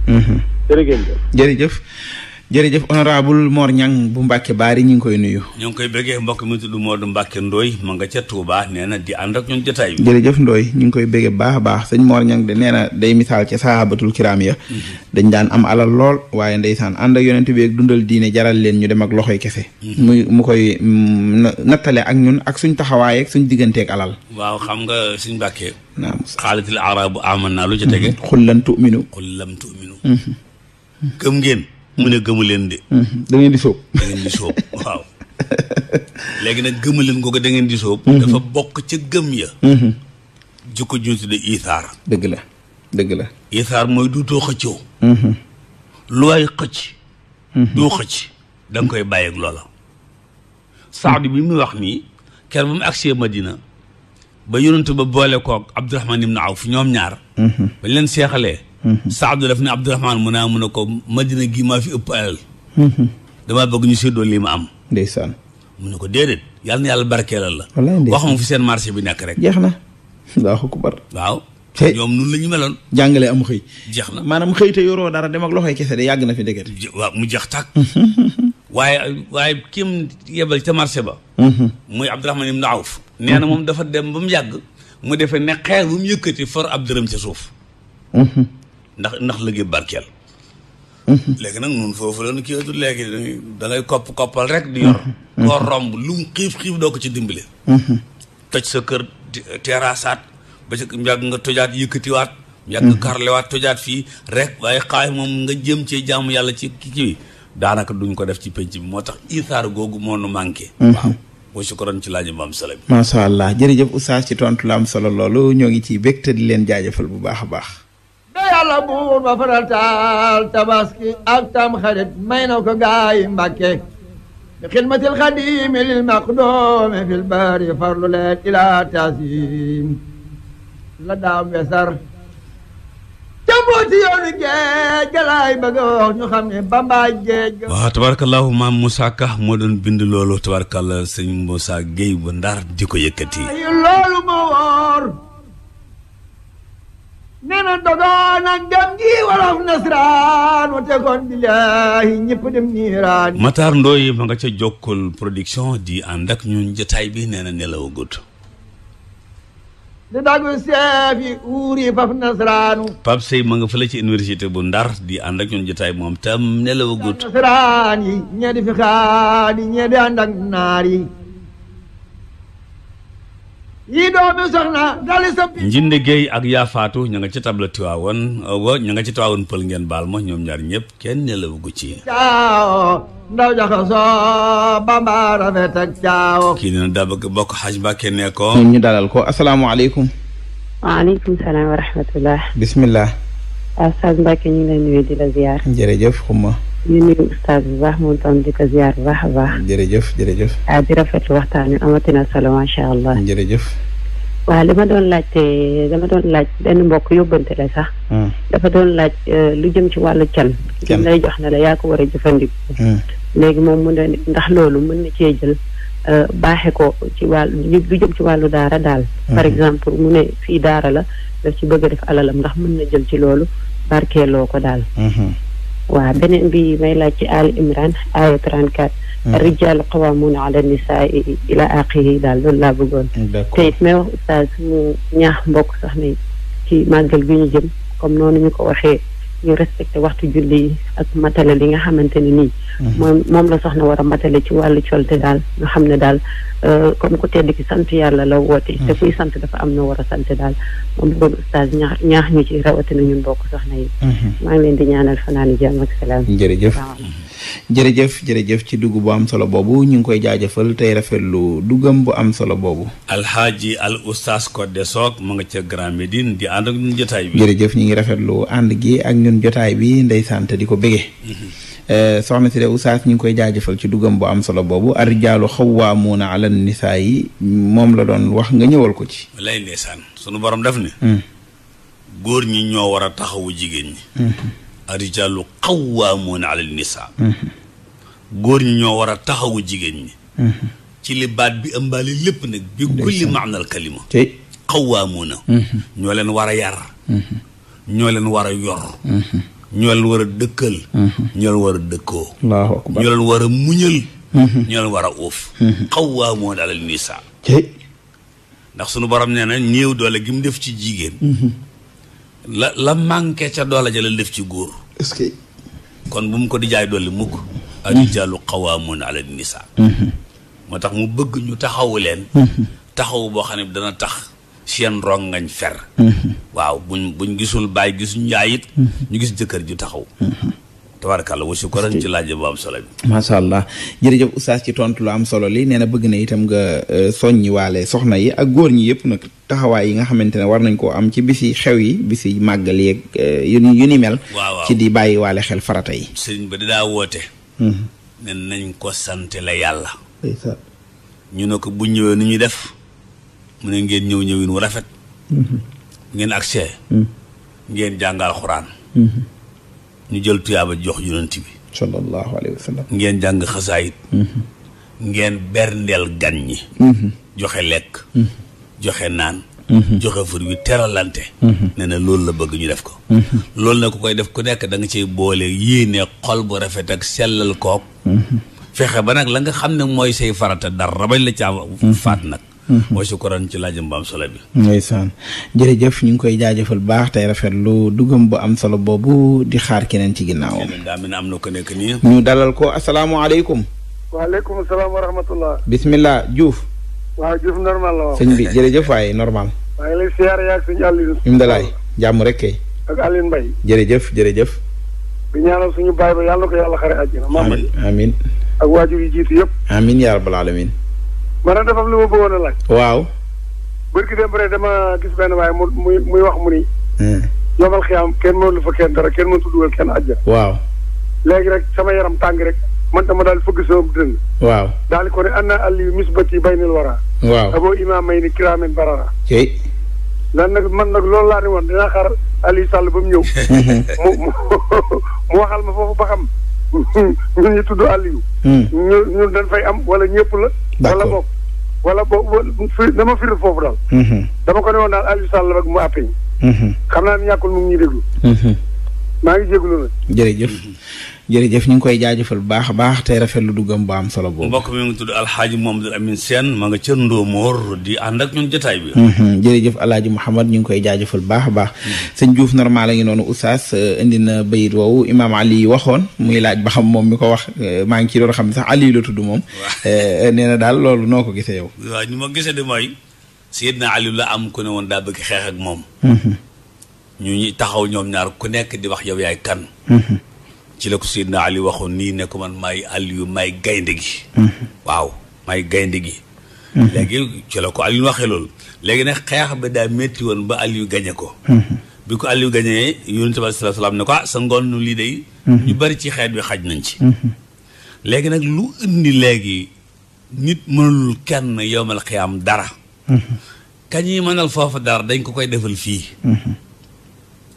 jërëjëf. jërëjëf honorable Mor Niang bu Mbacke Bari ñu ngi koy nuyu. ñu ngi koy bëggee mbokk mi tudd Modou Mbacke Ndoye ma nga ca Touba nee na di ànd ak ñun jotaay bi. jërëjëf Ndoye ñu ngi koy bëggee baax baax sëñ Mor Niang de na day misaal ca sahabatul kiram ya mhm. dañ daan am alal lool waaye ndeysaan ànd ak yonent bi ak dundal diine jaral leen ñu demak loxoy kefe mhm. muy mu koy mm, nattale ak ñun ak suñ taxawaay suñ digganteeg alal. waaw xam nga suñ Mbacke. naam xaalatil arabu aman naa lu ca tege. xul mhm. lam tu'minu. xul lam ngeen. mu ne gëmu leen de. Mm-hmm. da ngeen di sóob. da di sóob waaw. léegi nag gëmu leen ko ko ngeen di sóob. Mm-hmm. dafa bokk ca gëm ya. Mm-hmm. jukko ju ñu tuddee Ithaar. dëgg la dëgg la. Ithaar mooy duutoo xëccoo. lu waay xëcc. doo xëcc da koy bàyyi ak loola. saadu bi mu wax nii. ker ba mu agsee Madina. ba yonent ba boole kook koog Abdurahman ibn Awf ñoom ñaar. bañ leen seexalee. Mm-hmm. Saadu daf ne Abdourahman mu naa ah, mu ne ko Madina gi maa fi ëpp alal mm-hmm. damaa bëgg ñu séddoo lii ma am ndeysaan mu ne ko déedéet yàlla na yàlla la wax ma fi seen marché bi nekk rek jeex na allahu akbar waaw ñoom nun la ñu meloon jàngale am xëy jeex na maanaam xëy yoroo dara dem ak loxoy kese de yàgg na fi dëggat waaw mu jeex tàkk waaye waaye kim yebal ca marché ba mm-hmm. muy Abdourahman ibn Awf nee na moom dafa dem ba mu yàgg mu defee ne xeer bu mu yëkkati for ab dërëm ca suuf ndax ndax liggéey barkeel mhm. léegi nag nun foofu la nu kii atul léegi da kopp koppal rek di yor mhm. koo mhm. romb lu mu xiif xiif doo ko ci dimbale toj sa kër terrassaat ba ci yàgg nga tojaat yëkkatiwaat yàgg nga karlewaat tojaat fii rek waaye xaay moom nga jëm cee jàmm yàlla ci ki kii daanaka duñ ko def ci penc bi moo tax itaar googu moo nu manqué waaw boo sukkuroon ci laaj ba am solo bi macha allah jërëjëf oustaz ci tontu la solo loolu ñoo ngi ciy bégte di leen jaajëfal bu baax a da yàlla buur ba faral taal tam xarit may na ko gaayi mbàkke bi xidmatil xadimi lil maqdoomi fil bari la daam wesar jamboti yoonu géej galaay bëgg a wax ñu xam ne bambaay géej waaw tabarkallahu maam Moussa Ka moo doon bind loolu tabarkalla sëñ Moussa Gueye bu ndar di ko nena doganan dem gi wolof nasran wate kon billahi ñëpp dem niiraan Matar Ndoye ma nga ca jokkal production di ànd ñun jotaay bi nee na nelaw gut di dagu seef yi uuri faf nasraanu Pape Sey ma nga fële ci université bu Ndar di ànd ñun jotaay moom tam nelaw gut nasraan fi xaar yi ñee di yii doomi soxna dali sa njinde géey ak yaafaatu ña ci tabla tiwaawoon wa ña ci tiwaawoon pël ngeen baal ma ñoom ñaar ñëpp kenn nelawugu ci caaw ndaw jaxasoo bamba rafet ak caaw kii ne ko ñu dalal ko asalaamaaleykum waaleykum salaam bismillah Oustaz Mbàkke ñu ngi lay nuyu di la ziar jërëjëf xuma ni nuyu ustaas bu baax moom tam di ko ziar bu baax a baax. jërëjëf jërëjëf. ah di rafetlu waxtaan wi amatina solo macha allah. jërëjëf. waaw li ma doon laajte dama doon laaj benn mbokk yóbbante la sax. Hmm. dafa doon laaj eh, lu jëm ci wàllu can. can lay jox ne la yaa ko war a jëfandikoo. Hmm. léegi moom mu ne ndax loolu mën na cee jël eh, baaxe ko ci wàllu lu jëm ci wàllu daara daal. Hmm. par exemple mu ne fii daara la daf ci bëgg a def alalam ndax mën na jël ci loolu barkeeloo ko daal. waaw beneen bi may laaj ci Ali Imran aaya 34. Hmm. rijaalu qawaamuuna ala nisaa ila aqihi daal loolu laa bëggoon. te it may wax oustaz suñu ñaax mbokk sax ni ci màggal gi ñu jëm comme noonu ñu ko waxee. ñu respecté waxtu julli yi ak matale yi nga xamante ne nii. Mhm. moom moom la soxna war a matale ci wàllu colte daal nga xam ne daal euh, comme ku tedd ki sant yàlla la woote. Mhm. te kuy sant dafa am na war a sant daal moom loolu stage ñaax ñaax ñu ci rawatina ñun bokk soxna yi. Mhm. maa ngi leen di ñaanal fanaani jàmm ak salaam. jërëjëf jërëjëf jërëjëf ci dugg bu am solo boobu ñu ngi koy jaajëfal tey rafetlu duggam bu am solo boobu. alxaaji al oustaz Codé Sock mu nga ca Grand Médine di ànd ak ñun jotaay bi. jërëjëf ñu ngi rafetlu ànd gi ak ñun jotaay bi ndey di ko bége. Mhm. Eh, soxna si de oustaz ñu ngi koy jaajëfal ci duggam bu am solo boobu arrijaalu xawwaamuuna ala nisaa yi moom la doon wax nga ñëwal ko ci. lay ndeysaan sunu borom def ne. Hmm. góor ñi ñoo war a taxawu jigéen ñi. Hmm. arrijaalu qawwaamuuna ala nisaa mhm. góor ñi ñoo war a taxawu jigéen ñi mhm. ci li baat bi ëmbaale lépp nag bi kulli maanal kalima qawwaamuuna mhm. ñoo leen war a yar ñoo leen war a yor ñoo leen war a dëkkal ñoo leen war a dëkkoo ñoo leen war a muñal ñoo leen war a uuf qawwaamuuna ala nisaa ndax sunu borom nee na néew doole gi mu def ci jigéen la la manqué ca doole ja la def ci góor est-ce que. kon bu mu ko di jaay dolli mukk ar-rijaalu qawwaamuuna ala nisaa mhm. moo tax mu bëgg ñu taxawu leen mhm. taxawu boo xam ne dana tax seen rongañ fer mhm. waaw buñ buñ gisul bàyyi gisuñ yaay it ñu gis jëkkër ju taxaw tabarakàlla wa shukran ci laaj bu am solo bi macha allah jërëjëf oustaz ci tontu lu am solo li nee na bëgg na itam nga e, soññi waale soxna yi ak góor ñi yëpp nag taxawaay yi nga xamante ne war nañ koo am ci bisi xew yi bisi màggal yeeg e, yu yu ni mel waaw ci di bàyyi waale xel farata yi sëriñ ba dinaa woote hmm. ne nañ ko sant la yàlla ñu ne ko bu ñëwee nu ñuy def mu ne ngeen ñëw ñëwin wu rafet hmm. ngeen accès hmm. ngeen jàngal xuraan ñu jël tuyaaba jox yonent bi sallallahu ngeen jàng xasaayit mm-hmm. ngeen berndeel gan ñi mm-hmm. joxe lekk mm-hmm. joxe naan joxe fur wi teralante nee na loolu la bëgg ñu def ko loolu na ko koy def ku nekk da nga ciy boole yéene xol bu rafet ak sellal koog fexe ba nag la nga xam ne mooy say farata dara bañ la caa faat nag Mm-hmm. mooy sukkuraan ci laajam bu am solo bi ndeysaan jërëjëf ñu ngi koy jaajëfal baax tey lu dugam bu am solo boobu di xaar keneen ci ginnaawam daa am na ko nekk nii ñu dalal ko asalaamaaleykum waaleykum salaam wa rahmatullah bismillah juuf waaw Diouf normal la waaw sëñ normal waaye lay dalaay jàmm rek ak Alioune Mbaye jërëjëf jërëjëf bi ñaanal suñu baay ba yàlla na ko yàlla xare àjjana amiin amiin ak waajur yi jiitu yëpp amiin yaa rabbal aalamiin maanaam dafa am lu ma bëggoon a laaj. waaw. barki dem rek dama gis benn waaye mu muy muy wax mu ni. Hmm. yomal xiyaam kenn mënul fa kenn dara kenn mënut a dugal kenn waaw. léegi rek sama yaram tàng rek man dama daal fëgg sama dënn. waaw daal ko ne ana Aliou misbati baynil wara. waaw aboo imaam may ni kiraamin lan nag man nag loolu laa ne woon dinaa xaar Aliou Sall ba mu ñëw. mu waxal ma foofu ba xam ñun ñu tudd Aliou. Hmm. ñu ñun dañ fay am wala ñëpp la. wala boog wala boog fi dama firil foofu daal. Mhm. dama ko ne woon daal Aliou Sall rek a appui. xam naa ne ñàkkul mu ngi ñuy mhm. maa ngi jégalu nag. jërëjëf. jërëjëf ñu ngi koy jaajëfal bu baax a baax tey rafetlu duggam bu am solo boobu. mbokk mi ngi tudd Alxaaji Mouhamadou Amine Sène ma nga ca Ndóomóor di ànd ak ñun jotaay bi. Mm-hmm. jërëjëf Alxaaji Mouhamad ñu ngi koy jaajëfal bu baax a baax. Mm-hmm. sëñ Diouf normal a ngi noonu Oustaz uh, indi na bayit woowu Imaam Ali waxoon muy laaj ba xam moom mi ko wax uh, maa ngi ci doon xam sax Ali la tudd moom. Uh, nee na daal loolu noo ko gisee yow. waaw ñu ma gisee de mooy. Seydina Ali la am ku ne woon daal bëgg xeex ak mm-hmm. ñu taxaw ñoom ñaar ku nekk di wax yow yaay kan ci la ko Seydina Ali waxoon nii ne ko man maay Aliou maay gaynde gi mhm. waaw maay gaynde gi mhm. léegi ci la ko Aliou waxee loolu léegi nag xeex ba daa metti woon ba yu gañe ko mhm. bi ko Aliou gañee yonent bi sallallahu ne ko ah sa ngoon lii day ñu bari ci xeet bi xaj nañ ci léegi nag lu indi léegi nit mënul kenn yowmal xiyaam dara kañuy mënal foofu dara dañ ko koy defal fii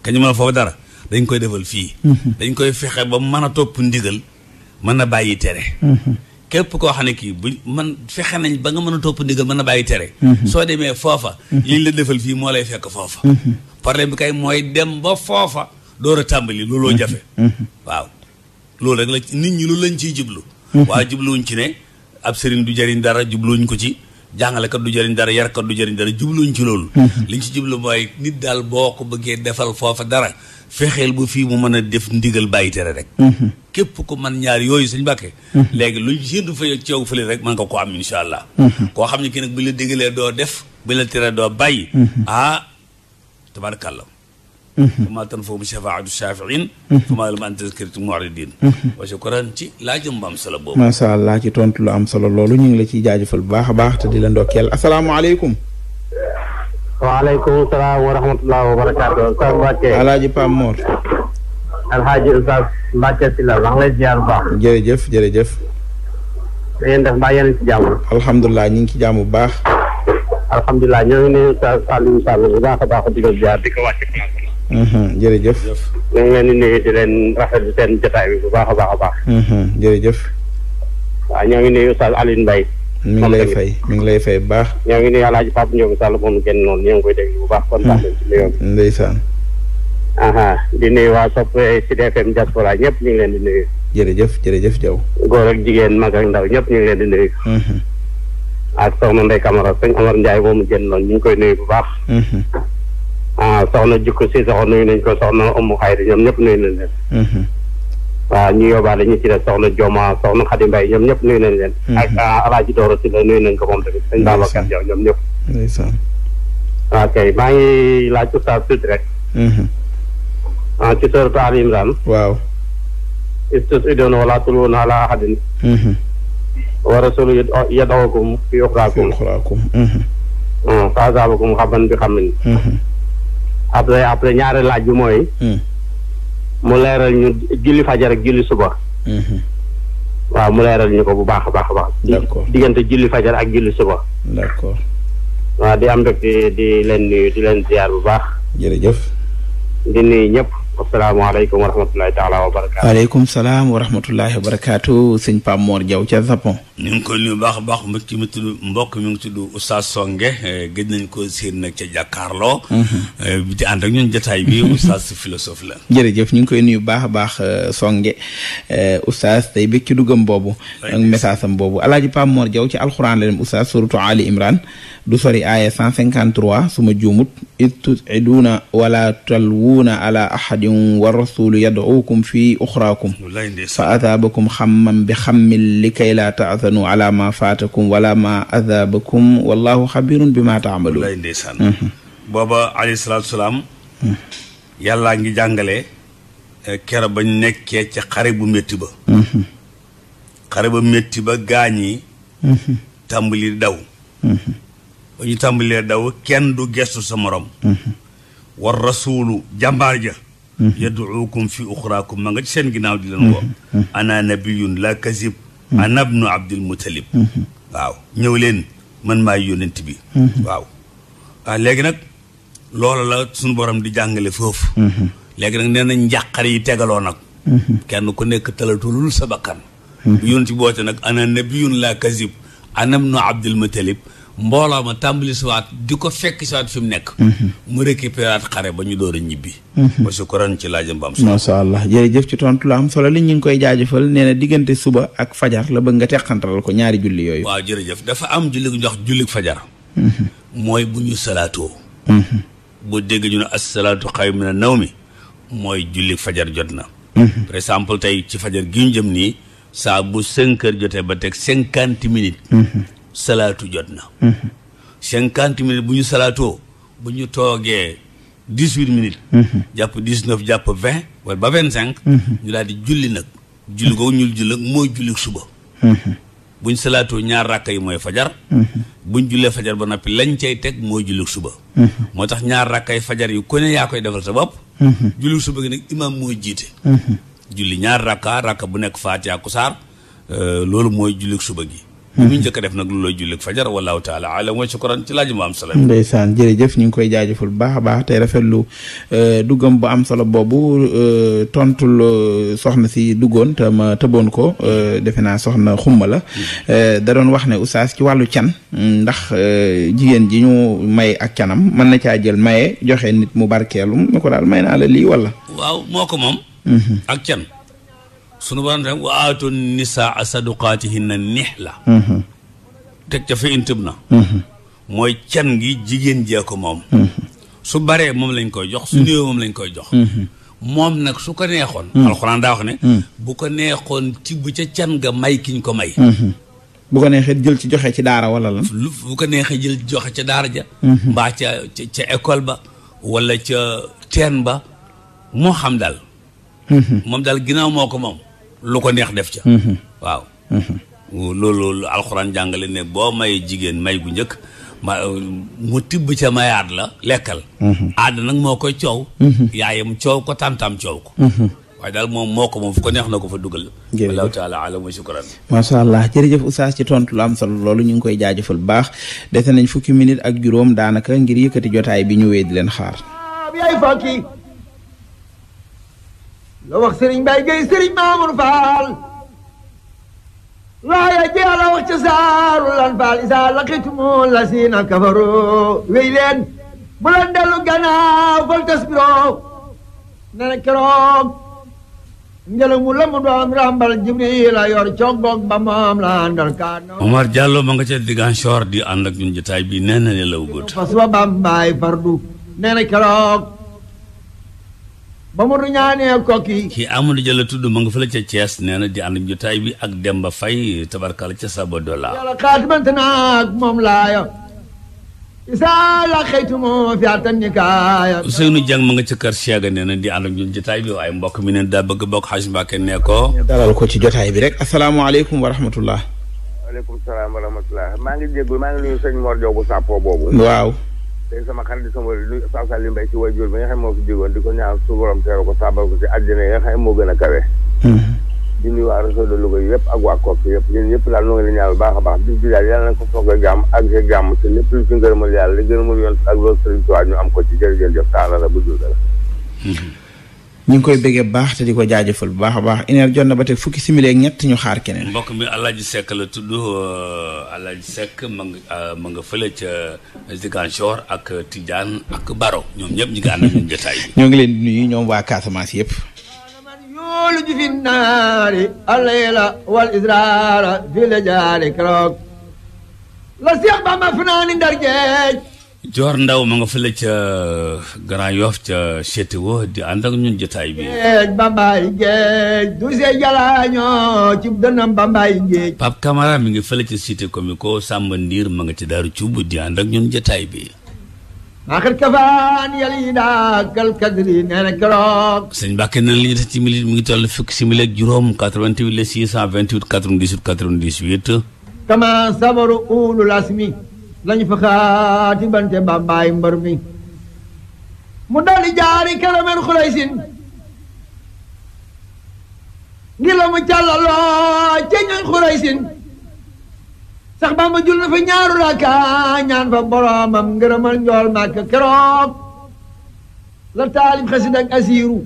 kañuy mënal foofu dara dañ koy defal fii mhm. dañ koy fexe ba mu mën a topp ndigal mën a bàyyi tere mhm. képp koo xam ne kii bu man fexe nañ ba nga mën a topp ndigal mën a bàyyi tere mhm. soo demee foofa liñ la defal fii moo lay fekk foofa problème bi kay mooy dem ba foofa door a tàmbali looloo jafe waaw loolu rek la nit ñi lu lañ ciy jublu waaye jubluwuñ ci ne ab sëriñ du jariñ dara jubluwuñ ko ci jàngalekat du jëriñ dara yarkat du jëriñ dara jubluwuñ ci loolu liñ ci jublu mooy nit daal boo ko bëggee defal foofa dara fexeel bu fii mu mën a def ndigal bàyyi tere rek mhm. képp ko man ñaar yooyu suñ bàkkee mhm. léegi lu luñ du fa ceew fële rek mën nga ko am insha allah mhm. koo xam ne ki nag bu la digalee doo def bu la tere doo bàyyi ah tabarakallah fama tanfahum shafaatu shafiin fama lam an tazkiratu muridin wa shukran ci laajam bu am solo boobu masha allah ci tontu lu am solo loolu ñu ngi la ciy jaajëfal bu baax a baax te di la ndokkeel asalaamaaleykum waaleykum salaam wa rahmatulah wa barakaatu Oustaz Mbacke alaaji Pam Mor alhaaji Oustaz Mbacke Sylla wax lay ziar jërëjëf jërëjëf def mbaa yéen ci jàmm alhamdulilah ñu ngi ci jàmm bu baax alhamdulilah ñoo ngi nuyu Oustaz Alioune Sall bu baax a baax di ko ziar ko wàcce mhm, jërëjëf ñu ngi leen di nuyu di leen rafetlu seen jotaay bi bu baax a baax a baax mhm, jërëjëf waaw ñoo ngi nuyu Oustaz Alioune Mbaye mi ngi lay fay mi ngi lay fay bu baax. ñoo ngi nuyu Alaaji Pape Ndiob Sall moom génn noonu ñoo ngi koy déglu bu baax kontaan nañ ci nuyoo bi. waa sopp Sud FM diaspora ñëpp ñu ngi leen di nuyu. jërëjëf jërëjëf Diaw. góor ak jigéen mag ak ndaw ñëpp ñu ngi leen di nuyu. Mhm. ak soxna Ndeye Camara sëñ Amar Ndiaye moomu génn noonu ñu ngi koy nuyu bu baax. Mhm. Ah, soxna Jukku si soxna nuyu nañ ko soxna Oumou Khayri ñoom ñëpp nuyu nañ leen. Mhm. waaw ñu yóbbaale ñu ci des soxna Joma soxna Xadi Mbay ñoom ñëpp nuyu nañ leen. Mm-hmm. ak Alaaji ah, Dooro si la nuyu nañ ko moom tamit. sëñ Babacar Diaw ñoom ah, ngi laaj oustaz tuuti rek. Mm-hmm. ah ci sóoratu Ali Imran. waaw. istas'aluuna mm-hmm. wa laa ta'luuna alaa ahadin. wa rasuulu yad'uukum fii uxraakum. fii uxraakum. Ah, fa asaabakum xaban bi xamin. après après ñaari laaj bi mooy. Mm. mu leeral ñu julli fajar ak julli suba. Mhm. waaw mu leeral ñu ko bu baax a baax a baax. d'accord diggante julli fajar ak julli suba. d'accord. waaw di am rek di di leen nuyu di leen ziar bu baax. jërëjëf. di nuyu ñëpp. asalaamaaleykum wa wa barakaatu. waaleykum salaam wa rahmatulahi wa barakaatu sëñ paam Mor jaw ca Japon. ñu ngi koy nuyu baax baax ci mu mbokk mi ngi tudd Oustaz Songe eh, gëj nañu ko séen na ca jàkkaarloo. bi mhm. eh, di ànd ak ñun jotaay bi Oustaz philosophe la. jërëjëf ñu ngi koy nuyu baax a baax eh, Songe Oustaz tey bëgg ci duggam boobu. ak message am boobu El Hadj Pape Mor Diaw ci alxuraan la dem Oustaz suratu Ali Imran. du sori aaya 153 suma juumut id tusiduuna wala talwuuna ala ahadin wa rasulu yadcuukum fi uxraakum fa ataabakum xamman bi xammin likay laa taazanu ala ma faatakum wala ma adaabakum wallahu xabirun bi ma ngi jàngale eh, kero bañ nekkee ca xare mhm. gaañi mhm. tàmbali daw mhm. ba ñu tàmbalee daw kenn du gestu sa morom war rasulu jàmbaar ja yaduukum fi uxraakum ma nga ci seen ginnaaw di leen woo ana nabiyun la kazib ana ibnu abdul mutalib ñëw leen man maay yónent bi ah, nag loola la suñu borom di jàngale foofu nag nee na njàqare yi tegaloo nag kenn ku nekk talatulul sa bakkan yónent bi boote nag ana nabiyun la kazib ana ibnu abdul mutalib mbooloo ma tàmbali siwaat di ko fekk siwaat fi mu nekk mhm. mu récupéraat xare ba ñu door a ñibbi mhm. ba su koran ci laajam ba am solo allah jërëjëf ci tontu la am solo ñu ngi koy jaajëfal nee na diggante suba ak fajar la bëgg nga teqantaral ko ñaari julli yooyu waaw jërëjëf dafa am julli gu jox julli fajar mhm. mooy bu ñu salaatoo bu dégg ñu ne asalaatu xayru mina mi mooy julli fajar jot na par exemple tey ci fajar gi ñu jëm nii saa bu cinq jotee ba teg cinquante minutes salaatu jot na mhm. cinquante minutes bu ñu salaatoo bu ñu toogee dix huit minutes mhm. jàpp dix neuf jàpp vingt wala ba vingt cinq mhm. ñu daal di julli nag julli ko ñu julli nag mooy julli suba buñ salaatoo ñaar rakka yi mooy fajar buñ jullee fajar ba noppi lañ cay teg mooy julli suba moo tax ñaar rakkay fajar yu ku yaa koy defal sa bopp julli suba gi nag imaam mooy jiite julli ñaar rakka rakka bu nekk faatiha ku saar euh, loolu mooy julli suba gi bu mu njëkk def nag lu lay julleg fajar wallahu taala alam wa shukran ci laaj mu am solo ndeysaan jërëjëf ñu ngi koy jaajëful bu baax a baax tey rafetlu euh, duggam bu am solo boobu euh, tontul euh, soxna si duggoon te ma tëboon ko defe naa soxna xumma la da doon wax ne oustaz ci wàllu can ndax jigéen ji ñu may ak canam mën na caa jël maye joxe nit mu barkeelum ne ko daal may la lii wala waaw moo ko moom mhm. ak can sunu borom tam wa aatu nisaa saduqaatihinna nihla mhm. teg ca fa intib mhm. can gi jigéen jee ko mhm. su baree moom lañ koy jox su néew lañ koy jox moom nag su ko neexoon alxuraan ko neexoon ci bu ca can ga may kiñ ko may ko neexee jël ci joxe ci daara wala lan ko neexee jël joxe ca daara ja mbaa ca ca école ba wala ca teen ba moo xam daal moom daal ginnaaw moo ko moom lu ko neex def ca mhm. waaw mhm. loolu alxuraan jàngale ne boo may jigéen may gu njëkk ma mu tibb ca mayaat la lekkal mhm. aada nag moo koy coow mu coow ko tàntam coow ko waaye daal moom moo ko moom fu ko neex na ko fa dugal wallahu taala alam wa shukran macha allah jërëjëf oustaz ci tontu lu am solo loolu ñu ngi koy jaajëfal bu baax dese nañ fukki minute ak juróom daanaka ngir yëkkati jotaay bi ñu wéy di leen xaar la wax sëriñ Baye Gueye sëriñ Mamour Fall laaya jee la wax ca saaru lan faal isa laqitumul lasina kafaru wéy leen bu leen dellu gannaaw fal tasbiro ne na keroog njëlamu mu doom ràmbal jibril a yor ma nga ca Ziguinchor di ànd ak ñun jotaay bi nee la wugut fas wa bambaay fardu nee na ba mu du ñaanee kokki kii Amadou Dia la tudd ma nga fële ca nee na di ànd jotaay bi ak Demba fay tabarkal ca Sabadola yàlla xaatimante naa ak moom laaya isaa la xëytu fi àttan ni kaaya Ousseynou Dieng ma nga ca kër Cheikh nee na di ànd ak ñun jotaay bi waaye mbokk mi ne daa bëgg bokk xaj Mbàkke ne ko ci jotaay bi rek asalaamaaleykum wa rahmatullah waaleykum salaam wa rahmatullah maa ngi jéggul maa boobu waaw tey sama xarit di sama Oustaz Saliou Mbaye ci waajur bi nga xam moo fi jógoon di ko ñaan su borom teeru ko saabal ko ci àjjana yi nga xam moo gën a kawe hmm. di nuyu waa réseau de yëpp ak waa Kopp yëpp yéen yëpp daal noo ngi leen ñaanal baax a baax bis bi daal yàlla na ko foog a gàmm ak a gàmm te lépp lu ci ngërëmal yàlla li gërëmal yoon ak loolu sëriñ Tuubaa ñu am ko ci jërëjëf taala la bu jul la ñu ngi koy bëggee bu baax te di ko jaajëfal bu baax a baax une heure jot na ba teg fukki simili ak ñett ñu xaar keneen. mbokk mi Alaaji Seck la tudd euh, Alaaji Seck ma nga euh, ma nga fële ca Ziguinchor ak Tidiane ak Baro ñoom ñëpp ñu ngi ànd ak ñoo ngi leen di nuyu ñoom waa Casamance yëpp. yoolu ji fi naari alayla wal israara fi la keroog la Seex Bamba fi naa ndar geej Joor Ndaw ma nga fële ca uh, Grand Yoff ca CTO di ànd ak ñun jotaay bi. bambaay géej du see jalaañoo ci dënam géej. Pape Camara mi ngi fële ca cité comico Samba Ndiir ma nga ci daaru Cubb di ànd ak ñun jotaay bi. maaxir kafaan yàlla yi daal gàllkat yi nee na keroog. sëñ Mbacke nan la ñu def ci minute mi ngi toll fukki simili ak juróom 88 la 628 98 98. kama sabaru ulul lañ fa xaati bante bàmbaay mbër mu daldi jaari karamen xuraysin ngir la mu càllaloo ca xuraysin sax bamba jul fa ñaaru raka ñaan fa boromam ngërëmal njool màkk keroog la taalib xasid asiiru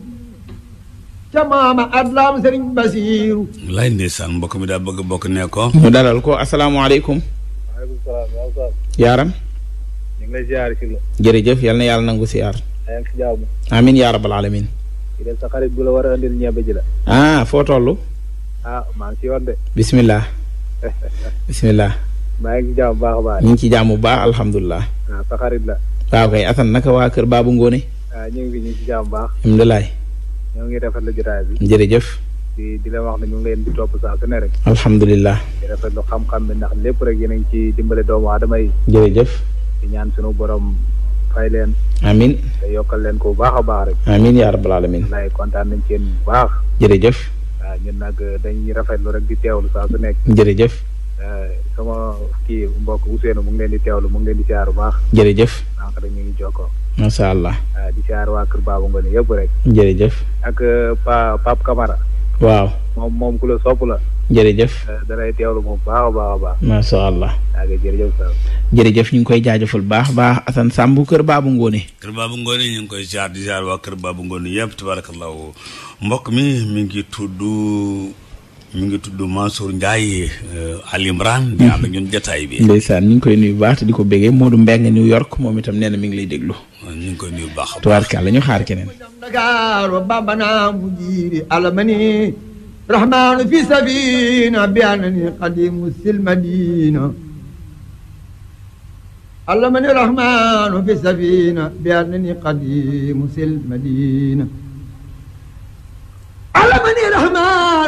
ca maama adlam sëriñ basiiru lay ndeysaan mbokk mi daa bokk nee ko ñu dalal ko asalaamaaleykum waaleykum yaaram. ñu ngi lay ziar jërëjëf yal yàlla nangu ziar. yaa si jaamu. amiin yaa rabbal alamin. la war a andil ji la. ah foo toll. ah maa ngi si yoon bisimilah. bisimilah. maa ngi ci jàmm bu baax a ñu ngi ci jàmm bu baax alhamdulilah. Ah, xarit la. waaw kay Assane naka waa kër Babou Ngone. ah ñu ngi ñu ngi bu baax. alhamdulilah. ñoo ngi rafetlu jotaay bi. jërëjëf. di di la wax ne ñu ngi leen di topp saa su ne rek. alhamdulilah. di rafetlu xam-xam bi ndax lépp rek yéen a ngi ci dimbale doomu aadama yi. jërëjëf. di ñaan sunu borom fay leen. amiin te yokkal leen ko bu baax a baax rek. amiin yaa rabbal alamin. kontaan nañ ci bu baax. jërëjëf. waaw ñun dañ dañuy rafetlu rek di teewlu saa su nekk. jërëjëf. sama kii mbokk Ousseynou mu ngi leen di teewlu mu ngi leen di siyaar bu baax. jërëjëf. sànq rek ñu ngi jokkoo. allah. di siyaar waa Kër Babou Ngoné yëpp rek. jërëjëf. ak Pa Pape waaw moom moom ku la la. jërëjëf eh, danay teewlu bu baax a baax a baax. macha jërëjëf ñu ngi koy jaajëfal baax baax Assane Samb kër Babou Ngone. kër Babou Ngone ñu ngi koy jaar di jaar waa kër Babou Ngone yëpp tabarakallahu mbokk mi mi ngi tudd. mi ngi tudd Mansour Ndiaye euh, Ali Imran di ànd ak mhm. ñun jotaay bi. ndeysaan ñu ngi koy nuyu baax te di ko bégee Modou Mbengue New York moom itam nee na mi ngi lay déglu. ñu ngi koy nuyu ñu xaar keneen. rahmaanu fi safina bi anani qadimu silmadina allamani rahmaanu fi safina bi anani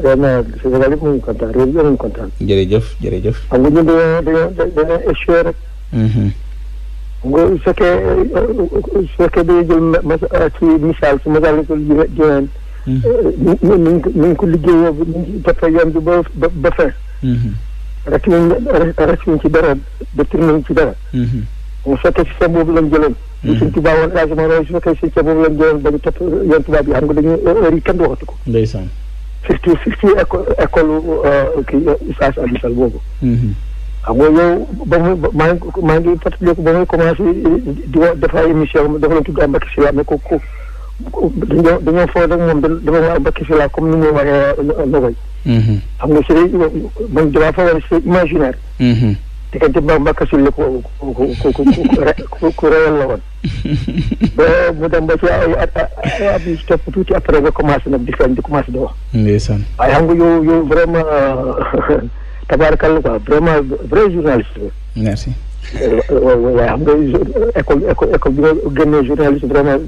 vraiment Sénégal yëpp mu ngi kontaan réew yëpp mu ngi kontaan. jërëjëf jërëjëf. xam nga ñun dañoo dañoo dañoo échoué rek. Mhm. nga su fekkee su fekkee dañuy jël ah, ci misaal si Massalikul Jinaan. ñu ñu ñu ko liggéeyoo ba ñu dafa yoon ba ba ba fin. rek ñu rek ñu ci dara ba tourné ci dara. Mhm. mu fekkee si sa boobu lañ jëloon. Mhm. li suñ tubaab woon élargissement su fekkee si sa boobu lañ jëloon ba ñu topp yoon o yi xam surtout surtout école euh, kii Oustaz Alioune Sall boobu. Mhm. xam nga yow ba mu maa ngi maa ngi fàttaliku ba muy commencé di def ay émission dafa doon tudd am Mbacke Sylla mais ko ko dañoo dañoo foog rek moom dafa war a Mbacke Sylla comme ni mu waree euh, Nogoy. Mhm. xam nga c'est man damaa foog diggante Mbacke Sylla ku ku ku ku réyal la woon ba mu dem ba ci ay ay a yu topp tuuti après nga commencé nag di feeñ di commencé di wax. ndeysaan waaye xam nga yow yow vraiment tabaarkalla quoi vraiment vrai journaliste merci. waaye xam nga école école école bi nga génnee journaliste vraiment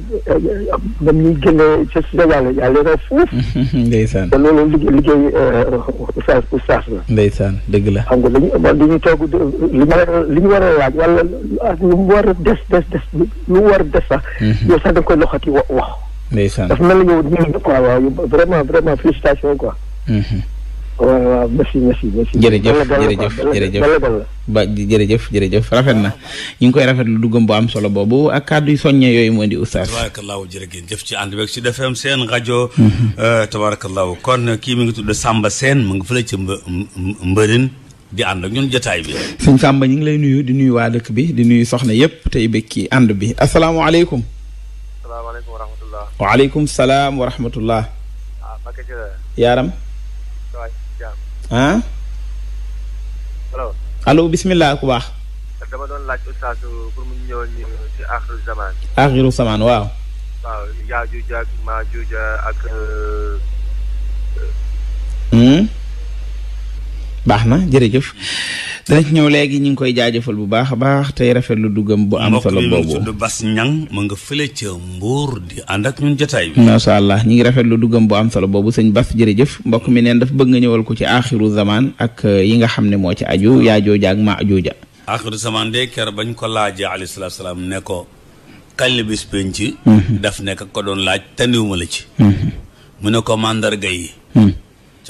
même ñuy génnee ci Sénégal yàlla na fuuf. ndeysaan te loolu liggéey saan euh, oustaz oustaz la. ndeysaan dëgg la. xam nga dañuy dañuy toog lu ma li ñu war a laaj wala lu mu war a des des des lu mu war a des sax. Mhm. yow sax da nga koy loxati wax. ndeysaan dafa mel ni yow nii quoi waaw vraiment vraiment félicitation ko waaw waaw merci merci merci. jëf jërëjëf jërëjëf ba jërëjëf jërëjëf rafet na ñu ngi koy rafet lu duggam bu am solo boobu ak kàddu yu soññe yooyu moo di oustaz. tabaarakallaahu jërëgéen jëf ci ànd beeg ci defem seen rajo. Mhm. Euh, tabaarakallaahu kon kii mi ngi tudd Samba Sène mu ngi fële ci mba mbërin di ànd ak ñun jotaay bi. sëñ Samba ñu ngi lay nuyu di nuyu waa dëkk bi di nuyu soxna yëpp tey bëgg ci ànd bi asalaamaaleykum. asalaamaaleykum wa rahmatulah. waaleykum salaam wa rahmatulah. waaw ah, Mbacke ah. allo. allo bisimilah ku baax. dama doon laaj oustaz mu ñëw ñu ci axiru zamaan. axiru waaw. waaw yaajuuj ak maajuuj ak. Euh, hmm? baax na jërëjëf danañ ñëw léegi ñu ngi koy jaajëfal bu baax a baax tey rafet lu duggam bu am solo boobu mbokk bas ñang ma nga fële ca mbuur di ànd ak ñun jotaay bi macha allah ñi ngi rafet lu duggam bu am solo boobu sëñ bas jërëjëf mbokk mi neen dafa bëgg nga ñëwal ko ci aaxiru zaman ak euh, yi nga xam ne moo ci aju yaa jooja ak maa jooja aaxiru zaman de ker bañ ko laajee alayhi salaatu salaam ne ko kañ la bis penc mhm. daf nekk ko doon laaj taniwuma la ci mhm. mu ne ko màndarga yi mhm.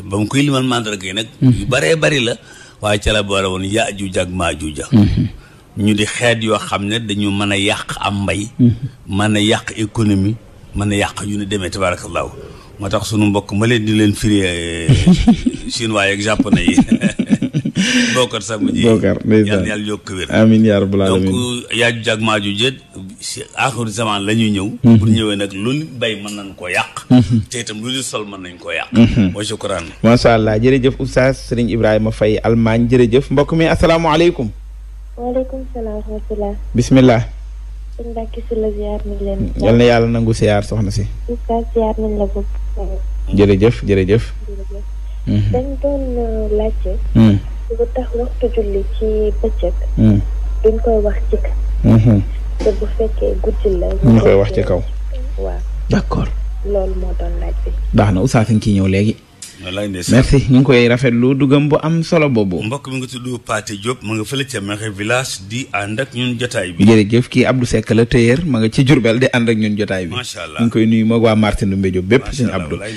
ba mu koy limal mandarga yi nag. Mhm. yu baree bari la. waaye ca la boole woon yaajuuj ak maajuuj mhm. ñu di xeet yoo xam ne dañu mën a yàq am mbay. Mhm. mën a yàq économie. mën a yàq ñu ne demee tabaarakallaahu moo tax sunu mbokk ma leen di leen firi eh, chinois yeeg japonais yi. bokkar sax mu ji bokkar ndeysaan yàlla yàlla yokk wér. amiin yaa rabbal aalamiin donc yaajuuj si zaman la ñuy ñëw mhm. bu ñëwee nag lu nit bay mën nañ koo yàq mhm. te itam lu nit sol mën nañ koo yàq mhm. wa shukran allah jërëjëf oustaz sëriñ ibrahima fay almaañ jërëjëf mbokk mi asalaamaaleykum waaleykum salaam yàlla nangu ziar soxna si oustaz ziar nañ la bopp jërëjëf jërëjëf ñu koy wax ci kaw. waaw d' accord. loolu na Oustaz fi nga ciy ñëw léegi. wallaay ndeysaan merci ñu ngi koy rafetlu dugam bu am solo boobu. mbokk mi nga tudd Pathé Diop ma nga fële ca Mexe village di ànd ak ñun jotaay bi. jërëjëf kii Abdou Seck la téyeer ma nga ci Jurbel ànd ak ñun jotaay bi. macha allah ñu koy nuyu moog waa Martin Dumbe Diop bépp. macha allah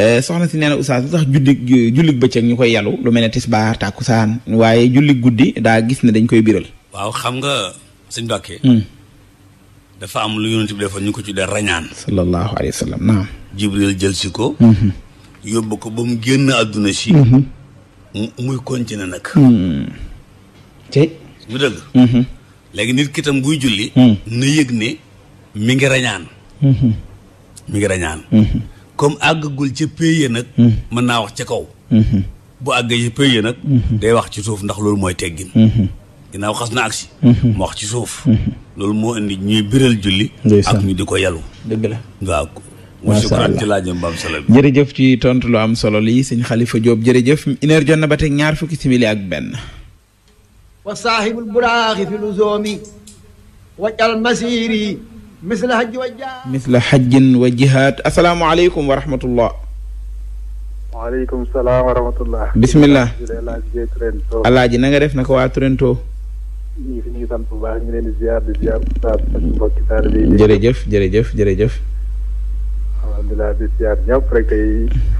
eh, soxna si nee na sax lu tax julli jullig ñu koy yalu lu mel ne tisbaar saan waaye jullig guddi daa gis ne dañ koy biral. waaw xam nga sëñ Bakke. Hmm. dafa am lu yonent bi defoon ñu ko tuddee rañaan. sallallahu alayhi wa sallam naam. Jibril jël si ko. Mm-hmm. yóbbu ko ba mu génn àdduna si. Mm-hmm. muy continuer nag. tey. Mm-hmm. lu dëgg. léegi nit kitam tam buy julli. Mm. na yëg ne mi ngi rañaan. mi ngi rañaan. comme àggagul ca paye nag. mën naa wax ci kaw. bu àggee ca paye nag. day wax ci suuf ndax loolu mooy teggin. ginnaaw xas na agsi mhm. mu wax ci suuf mhm. loolu moo indi ñuy biral julli ak ñu di ko yalu dëgg la ci tontu lu am solo li sëñ Xalifa Jóob jërëjëf une heure jot ba teg ñaar fukki simili ak benn wa saahibul buraaxi fi luzoomi wajal masiri misla wa jihaad misla hajjin wa jihaad asalaamaaleykum wa rahmatullah waaleykum salaam wa rahmatullah na nga def naka waa ñu ngi fi ñu ngi sant bu baax ñu leen di ziar di ziar oustaz ak mbokki taalibe yi. jërëjëf jërëjëf jërëjëf. alhamdulilah di ziar ñëpp rek tey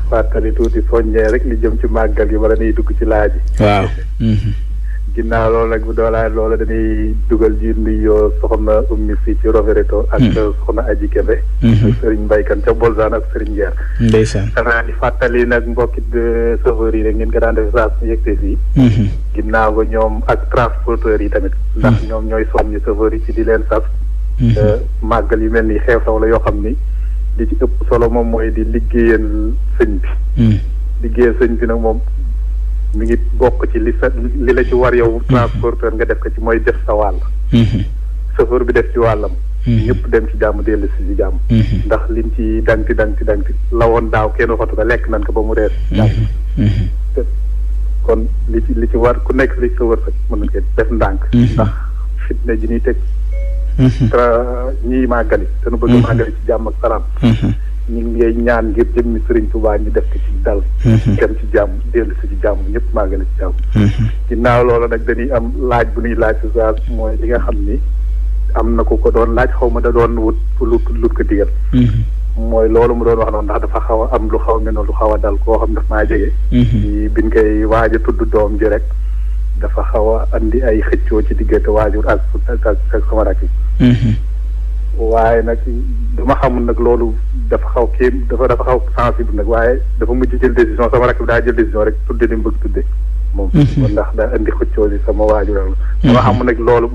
fàttali tuuti soññee rek li jëm ci màggal yi wala niy dugg ci laaj yi. waaw. Mhm. ginnaaw loolu ak bu doolaay loolu dañuy dugal ji nuyoo soxna ummi fii ci Rovereto ak hmm. soxna Aji Kebe hmm. sëriñ Mbaykan ca Bolzano ak sëriñ Ngeer ndeysaan xanaa di fàttali nag mbokki chauffeur yi rek ngeen ko daan def ginnaaw ko ñoom ak transporteurs yi tamit ndax hmm. ñoom ñooy soññi chauffeur yi ci di leen sas euh, màggal yu mel ni xew-xew la yoo xam ni li ci ëpp solo moom mooy di liggéeyal sëñ bi liggéeyal sëñ bi nag moom mi ngi bokk ci li sa li la ci war yow mhm. transporteur nga def ka ci mooy def sa wàll mhm. chauffeur bi def ci wàllam mhm. ñëpp dem ci jàmm dellu si ci jàmm ndax liñ ci danti danti danti la woon daaw kenn waxatu lekk nan ko ba mu rees kon li ci li ci war ku nekk li sa wërsëg mën nañ ko def ndànk ndax fitna ji ñuy teg tra ñiy màggali te nu bëgg màggali ci jàmm ak salaam ñu ngi ngay ñaan ngir jëmmi Sëriñ Tuubaa ñu def ko ci dal mm-hmm. dem ci jàmm dellu si ci jàmm ñëpp màggale ci jàmm mm-hmm. ginnaaw loola nag dañuy am laaj bu ñuy laaj sa mooy li nga xam ni am na ko ko doon laaj xaw ma da doon wut lu lut ko digal mm-hmm. mooy loolu mu doon wax noonu ndax dafa xaw am lu xaw a mel ne lu xaw a dal koo xam daf maa jege ci biñ koy waaj a tudd doom ji rek dafa xaw a ay xëccoo ci diggante waajur ak ak ak sama yi waaye nag dama xamul nag loolu dafa xaw kii dafa dafa xaw sensible nag waaye dafa mujj jël décision sama rakk bi daa jël décision rek tudde li mu bëgg tudde moom mhm. ndax daa indi xëccoo si sama waajur la dama mhm. xamul nag loolu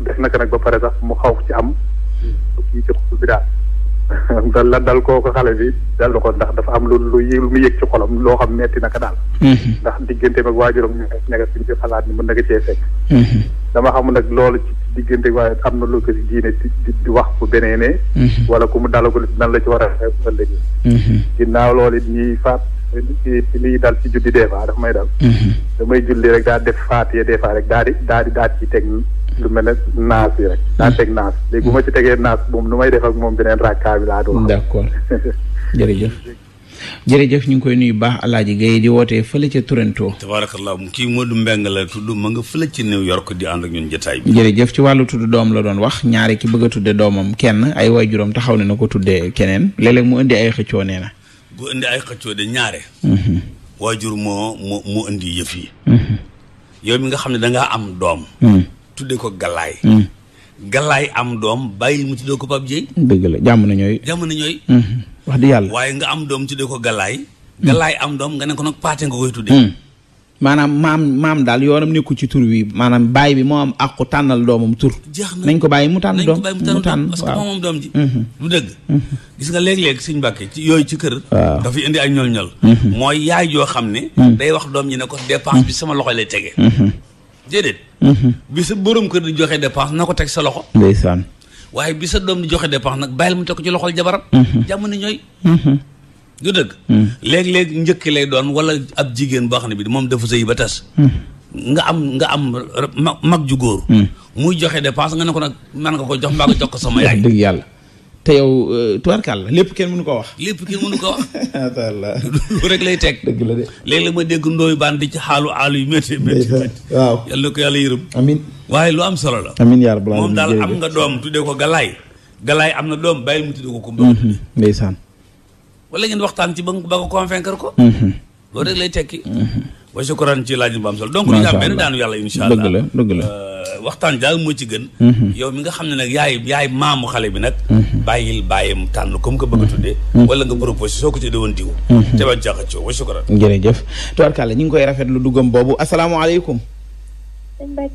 def naka nag ba pare sax mu xaw ci am mhm. kii ci xol dal la dal kooku xale bi dal ko ndax dafa am lu lu mu yëg ci xolam loo xam metti naka daal mm-hmm. ndax digganteem ak waajuram ñu nekk suñ ci xalaat ni mën na ko cee fekk mm-hmm. dama xamul nag loolu ci diggante waaye am na lu ko si diine di wax bu beneenee mm-hmm. wala ku mu dalagul nan la ci war a ëllëg ginnaaw loolu it ñuy faat lii dal ci julli des fois daf may dal damay julli rek daal def faat yee des rek daal di daal di daal ci teg lu mel ne naas yi rek naa teg naas léegi bu ci tegee naas moom nu may def ak moom beneen rakkaa bi laa doon d'accord jërëjëf jërëjëf ñu ngi koy nuyu baax alaaji Gaye di wootee fële ca Toronto tabaarakallah kii Modou Mbeng la tudd ma nga fële ca New York di ànd ak ñun jotaay bi jërëjëf ci wàllu tudd doom la doon wax ñaare ki bëgg a tudde doomam kenn ay waajuram taxaw ne na ko tuddee keneen léeg mu indi ay xëccoo nee na indi ay xëccoo de ñaare mhm. waajur moo mu moo indi yëf yi mhm. yow mi nga xam ne dangaa am doom mhm. tuddee ko galaay hmm. galaay am doom bàyyil mu tuddee ko Pape Dieye dëgg la jàmm ñooy jàmm na ñooy hmm. wax di yàlla waaye nga am doom tuddee ko galaay hmm. galaay am doom nga ne ko nag paate nga koy tuddee maanaam maam maam daal yoonam nekku ci tur wi maanaam baay bi moo am àqu tànnal doomam tur nañ ko bàyyi mu tànn doom mu tànn parce que moom doom ji mu dëgg gis nga léeg-léeg suñ mbàkke ci yooyu ci kër waaw dafa indi ak ñol ñol mooy yaay yoo xam ne day wax doom ji ne ko dépense bi sama loxo lay tege déedéet. Mhm. bi sa borom kër di joxe dépense na ko teg sa loxo. ndeysaan. waaye bi sa doom di joxe dépense nag bàyyil mu teg ko ci loxol jabaram. Mhm. jamono ñooy. Mhm. du dëgg. léeg-léeg njëkk lay doon wala ab jigéen boo xam ne bi moom dafa sëy ba tes nga am nga am mag ju góor. muy joxe dépense nga ne ko nag man nga ko jox mbaa nga jox ko sama yaay. yàlla. te yow euh, la lépp kenn mënu ko wax. lépp kenn mënu ko wax. loolu rek lay teg. dëgg la de léeg la ma dégg ndooyu baan di ci xaalu aalu yu métti métti. waaw yàlla ko yàlla yërëm. amiin waaye lu am solo la. amiin yaa rabbal moom daal am nga doom tuddee ko galaay. galaay am na doom bàyyil mu tuddee ko kumba. Mhm. ndeysaan. wala ngeen waxtaan ci ba ba ko convaincre ko. Mhm. loolu rek lay tekki. Mhm. wa shukran ci laaj bu am solo. donc ñu ngi am daanu yàlla incha allah dëgg la dëgg la. Euh, waxtaan daal moo ci gën mhm. yow mi nga xam ne nag yaay yaay maamu xale bi nag mhm. bàyyil mu tànn comme que bëgg a mhm. tuddee wala nga proposé soo ko tuddee woon diw te bañ caa ñu ngi koy rafetlu duggam boobu asalaamaaleykum euh,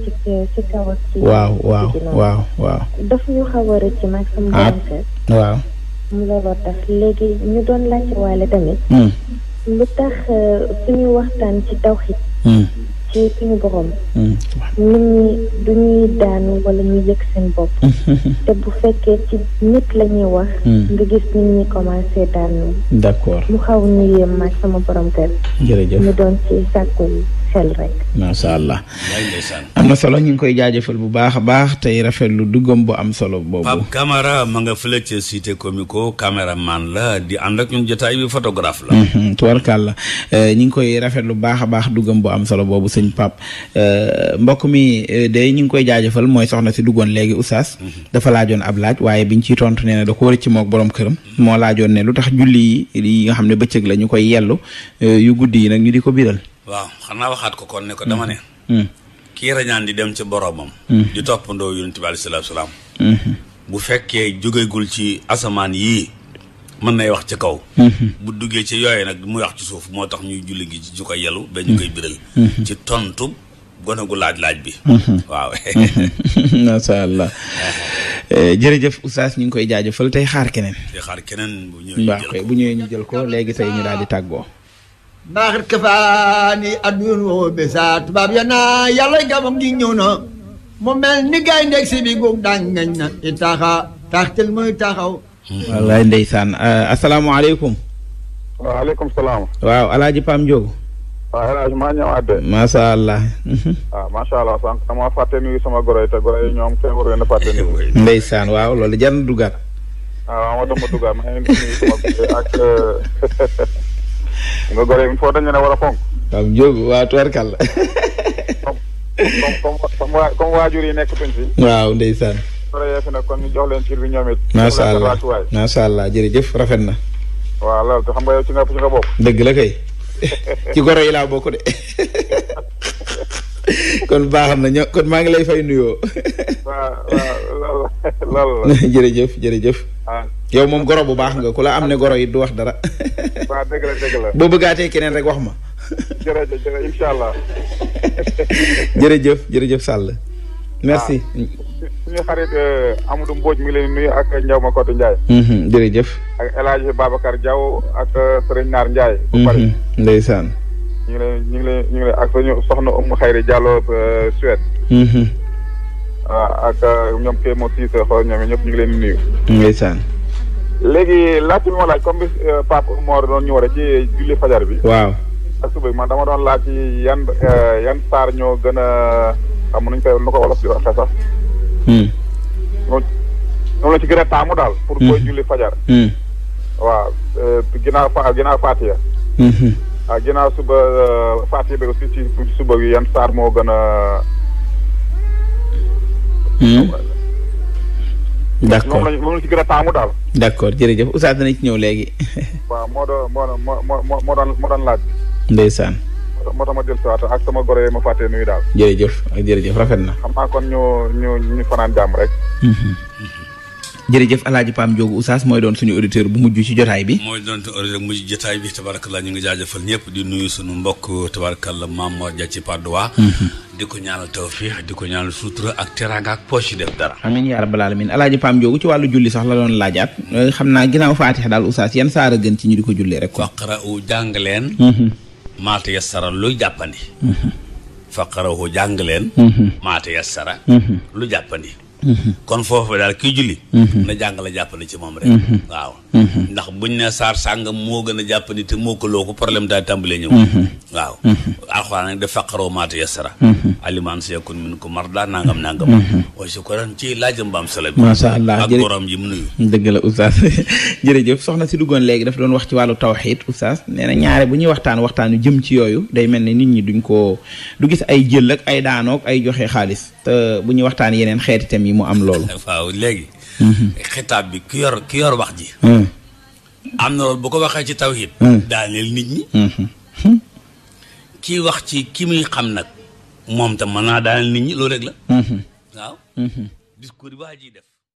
ci waaw waaw waaw waaw waaw daf ñu xaw a rëcc nag sama ah. waaw looloo tax léegi ñu doon laajte waale tamit. Hmm. lu tax euh, suñu waxtaan ci tawxiid. Hmm. ci suñu borom. Mm. nit ñi du ñuy daanu wala ñu yëg seen bopp. te bu fekkee ci nit la wax. Mm. nga gis nit ñi commencé daanu. d' mu xaw ñu yéem ma sama borom kër. jërëjëf doon ci sàkku xel rek. macha allah. am na solo ñu ngi koy jaajëfal bu baax a baax tey rafetlu duggam bu am solo boobu. Pape Camara ma nga fële ca cité comico la di ànd ak ñun jotaay bi photographe la. tubarkàlla euh, ñu ngi koy rafetlu bu baax a baax duggam bu am solo boobu. sëñ Pape euh, mbokk mi euh, day ñu ngi koy jaajëfal mooy soxna si duggoon léegi oustaz dafa laajoon ab laaj waaye biñ ciy tontu nee na da ko rëcc mook borom këram moo laajoon ne lu tax julli yi nga xam ne bëccëg la ñu koy yellu euh, yu guddi yi nag ñu di ko biral waaw xanaa waxaat ko kon ne ko dama ne mm-hmm. mm. ki rañaan di dem ci boroomam mm-hmm. di toppandoo yonent bi alayhi salaam mm-hmm. bu fekkee jógegul ci asamaan yii mën nay wax ci kaw mm-hmm. bu duggee ci yooyu nag mu wax ci suuf moo tax ñuy julli gi ci ñu koy yelu ba ñu mm-hmm. mm-hmm. tontu gone gu laaj laaj bi waaw macha allah eh, jërëjëf oustaz ñu ngi koy jaajëfal tey xaar keneen tey xaar keneen bu ñëwee ñu jël ko léegi say ñu daal di tàggoo baaxit kafaani addun woo besa tubaab ya naa yàlla gamam gi ñëw na mu mel ni gaay ndeg si bi guub dàngañ na i taxa taxtel muy taxaw Mhm. wallaay ndeysaan euh, asalaamaaleykum. waaleykum salaam. waaw El Hadj Pam Ndiogo. waaw El Hadj allah. waaw mhm. ah, allah sànq damaa fàtte nuyu sama goro yi te goro yi ñoom kenn waru leen a fàtte nuyu. ndeysaan waaw loolu jar na dugaat. Ah, waaw ma dama dugaat maa goro yi ak. Euh, nga goro yi foo a yi nekk projet nag kon ñu jox leen tur bi ñoom it. macha allah macha allah rafet na. waaw loolu te xam nga yow ci nga ci nga dëgg la kay ci goro yi laa bokk de kon baax na ñoo kon maa ngi lay fay nuyoo. waaw waaw loolu la. jërëjëf jërëjëf. Ah. yow moom goro bu baax nga ku la am ne goro yi du wax dara. waaw dëgg la dëgg la. boo bëggaatee keneen rek wax ma. jërëjëf jërëjëf incha allah. jërëjëf merci. Ah. suñu xarit euh, Amadou Mbodj mi ngi leen nuyu ak Ndiaw Makoto Ndiaye. Mhm, jërëjëf. ak El Hadj jaw ak euh, Serigne Naar Ndiaye. bu pare mhm, ndeysaan. ñu ngi lay ñu ngi lay ñu ngi lay ak suñu soxna Oumou Khayri Diallo euh, Suède. Mhm. ak ñoom kay moo sii sa xool ñoom ñëpp ñu ngi leen di nuyu. ndeysaan. léegi laaj bi ma laaj comme bis Pape Mor doon ñu war a ci julli fajar bi. waaw ak suba man dama doon laaj yan yan saar ñoo gën am xam nuñ koy nu ko wolof di waxee sax. moom moom la ci gën a taamu daal. pour hmm. koy julli fajar. Hmm. waaw euh, ginnaaw fa ginnaaw Faatiya. Hmm. ah ginnaaw suba euh, Faatiya bi aussi ci suba bi yan saar moo gën a. d' accord moom la ci gën a taamu daal. d' accord jërëjëf ci ñëw léegi. waaw moo doon moo doon moo doon laaj. moo tax ma dellu si waat ak sama goro yi ma fàttee nuyu daal. jërëjëf jërëjëf rafet na. xam naa kon ñu ñu ñu fanaan jàmm rek. Pam mhm. Joogu Oustaz mooy doon suñu auditeur bu mujj ci jotaay bi mooy doon suñu auditeur bu mujj jotaay ñu ngi jaajëfal ñëpp di nuyu suñu mbokk tabarakallah Mamor Dia ci Padoa mhm. di ko ñaanal tawfiix di ko ñaanal sutura ak teraanga ak poche def dara amiin yaa rabbal aalamiin alaaji Pam Joogu ci wàllu julli sax la doon laajaat xam naa ginnaaw faatixa daal Oustaz yan saara gën ci ñu di ko jullee rek ko u jàng leen mhm. maata yassara lu jàppandi mm-hmm. faqarahu jàng leen mm-hmm. maata yassara mm-hmm. lu jàppandi kon foofu daal ki julli mhm. na jàng jàppandi ci moom rek mhm. waaw mhm. ndax buñ ne saar sàngam moo gën a jàppandi te moo ko loo ko problème daal tàmbalee ñëw waaw alxuraan nag def faqaroo maata yassara aliman sa yakun min ko marda nangam nangam waaye su ko ren ci laajam baam solo bi macha allah ak borom yi mu nuyu dëgg la oustaz jërëjëf soxna si duggoon léegi dafa doon wax ci wàllu tawxiid oustaz nee na ñaare bu ñuy waxtaan waxtaanu jëm ci yooyu day mel ne nit ñi duñ ko du gis ay jël ak ay daanook ay joxe xaalis te waxtaan yeneen xeeti tam nii mu am loolu. waaw léegi. xitaab bi ki yor ki yor wax ji. Hmm. am na loolu bu ko waxee ci tawhid. Hmm. daaneel nit ñi. Hmm. kii wax ci ki muy xam nag moom tam mën naa daaneel nit ñi loolu rek la. waaw. discours def.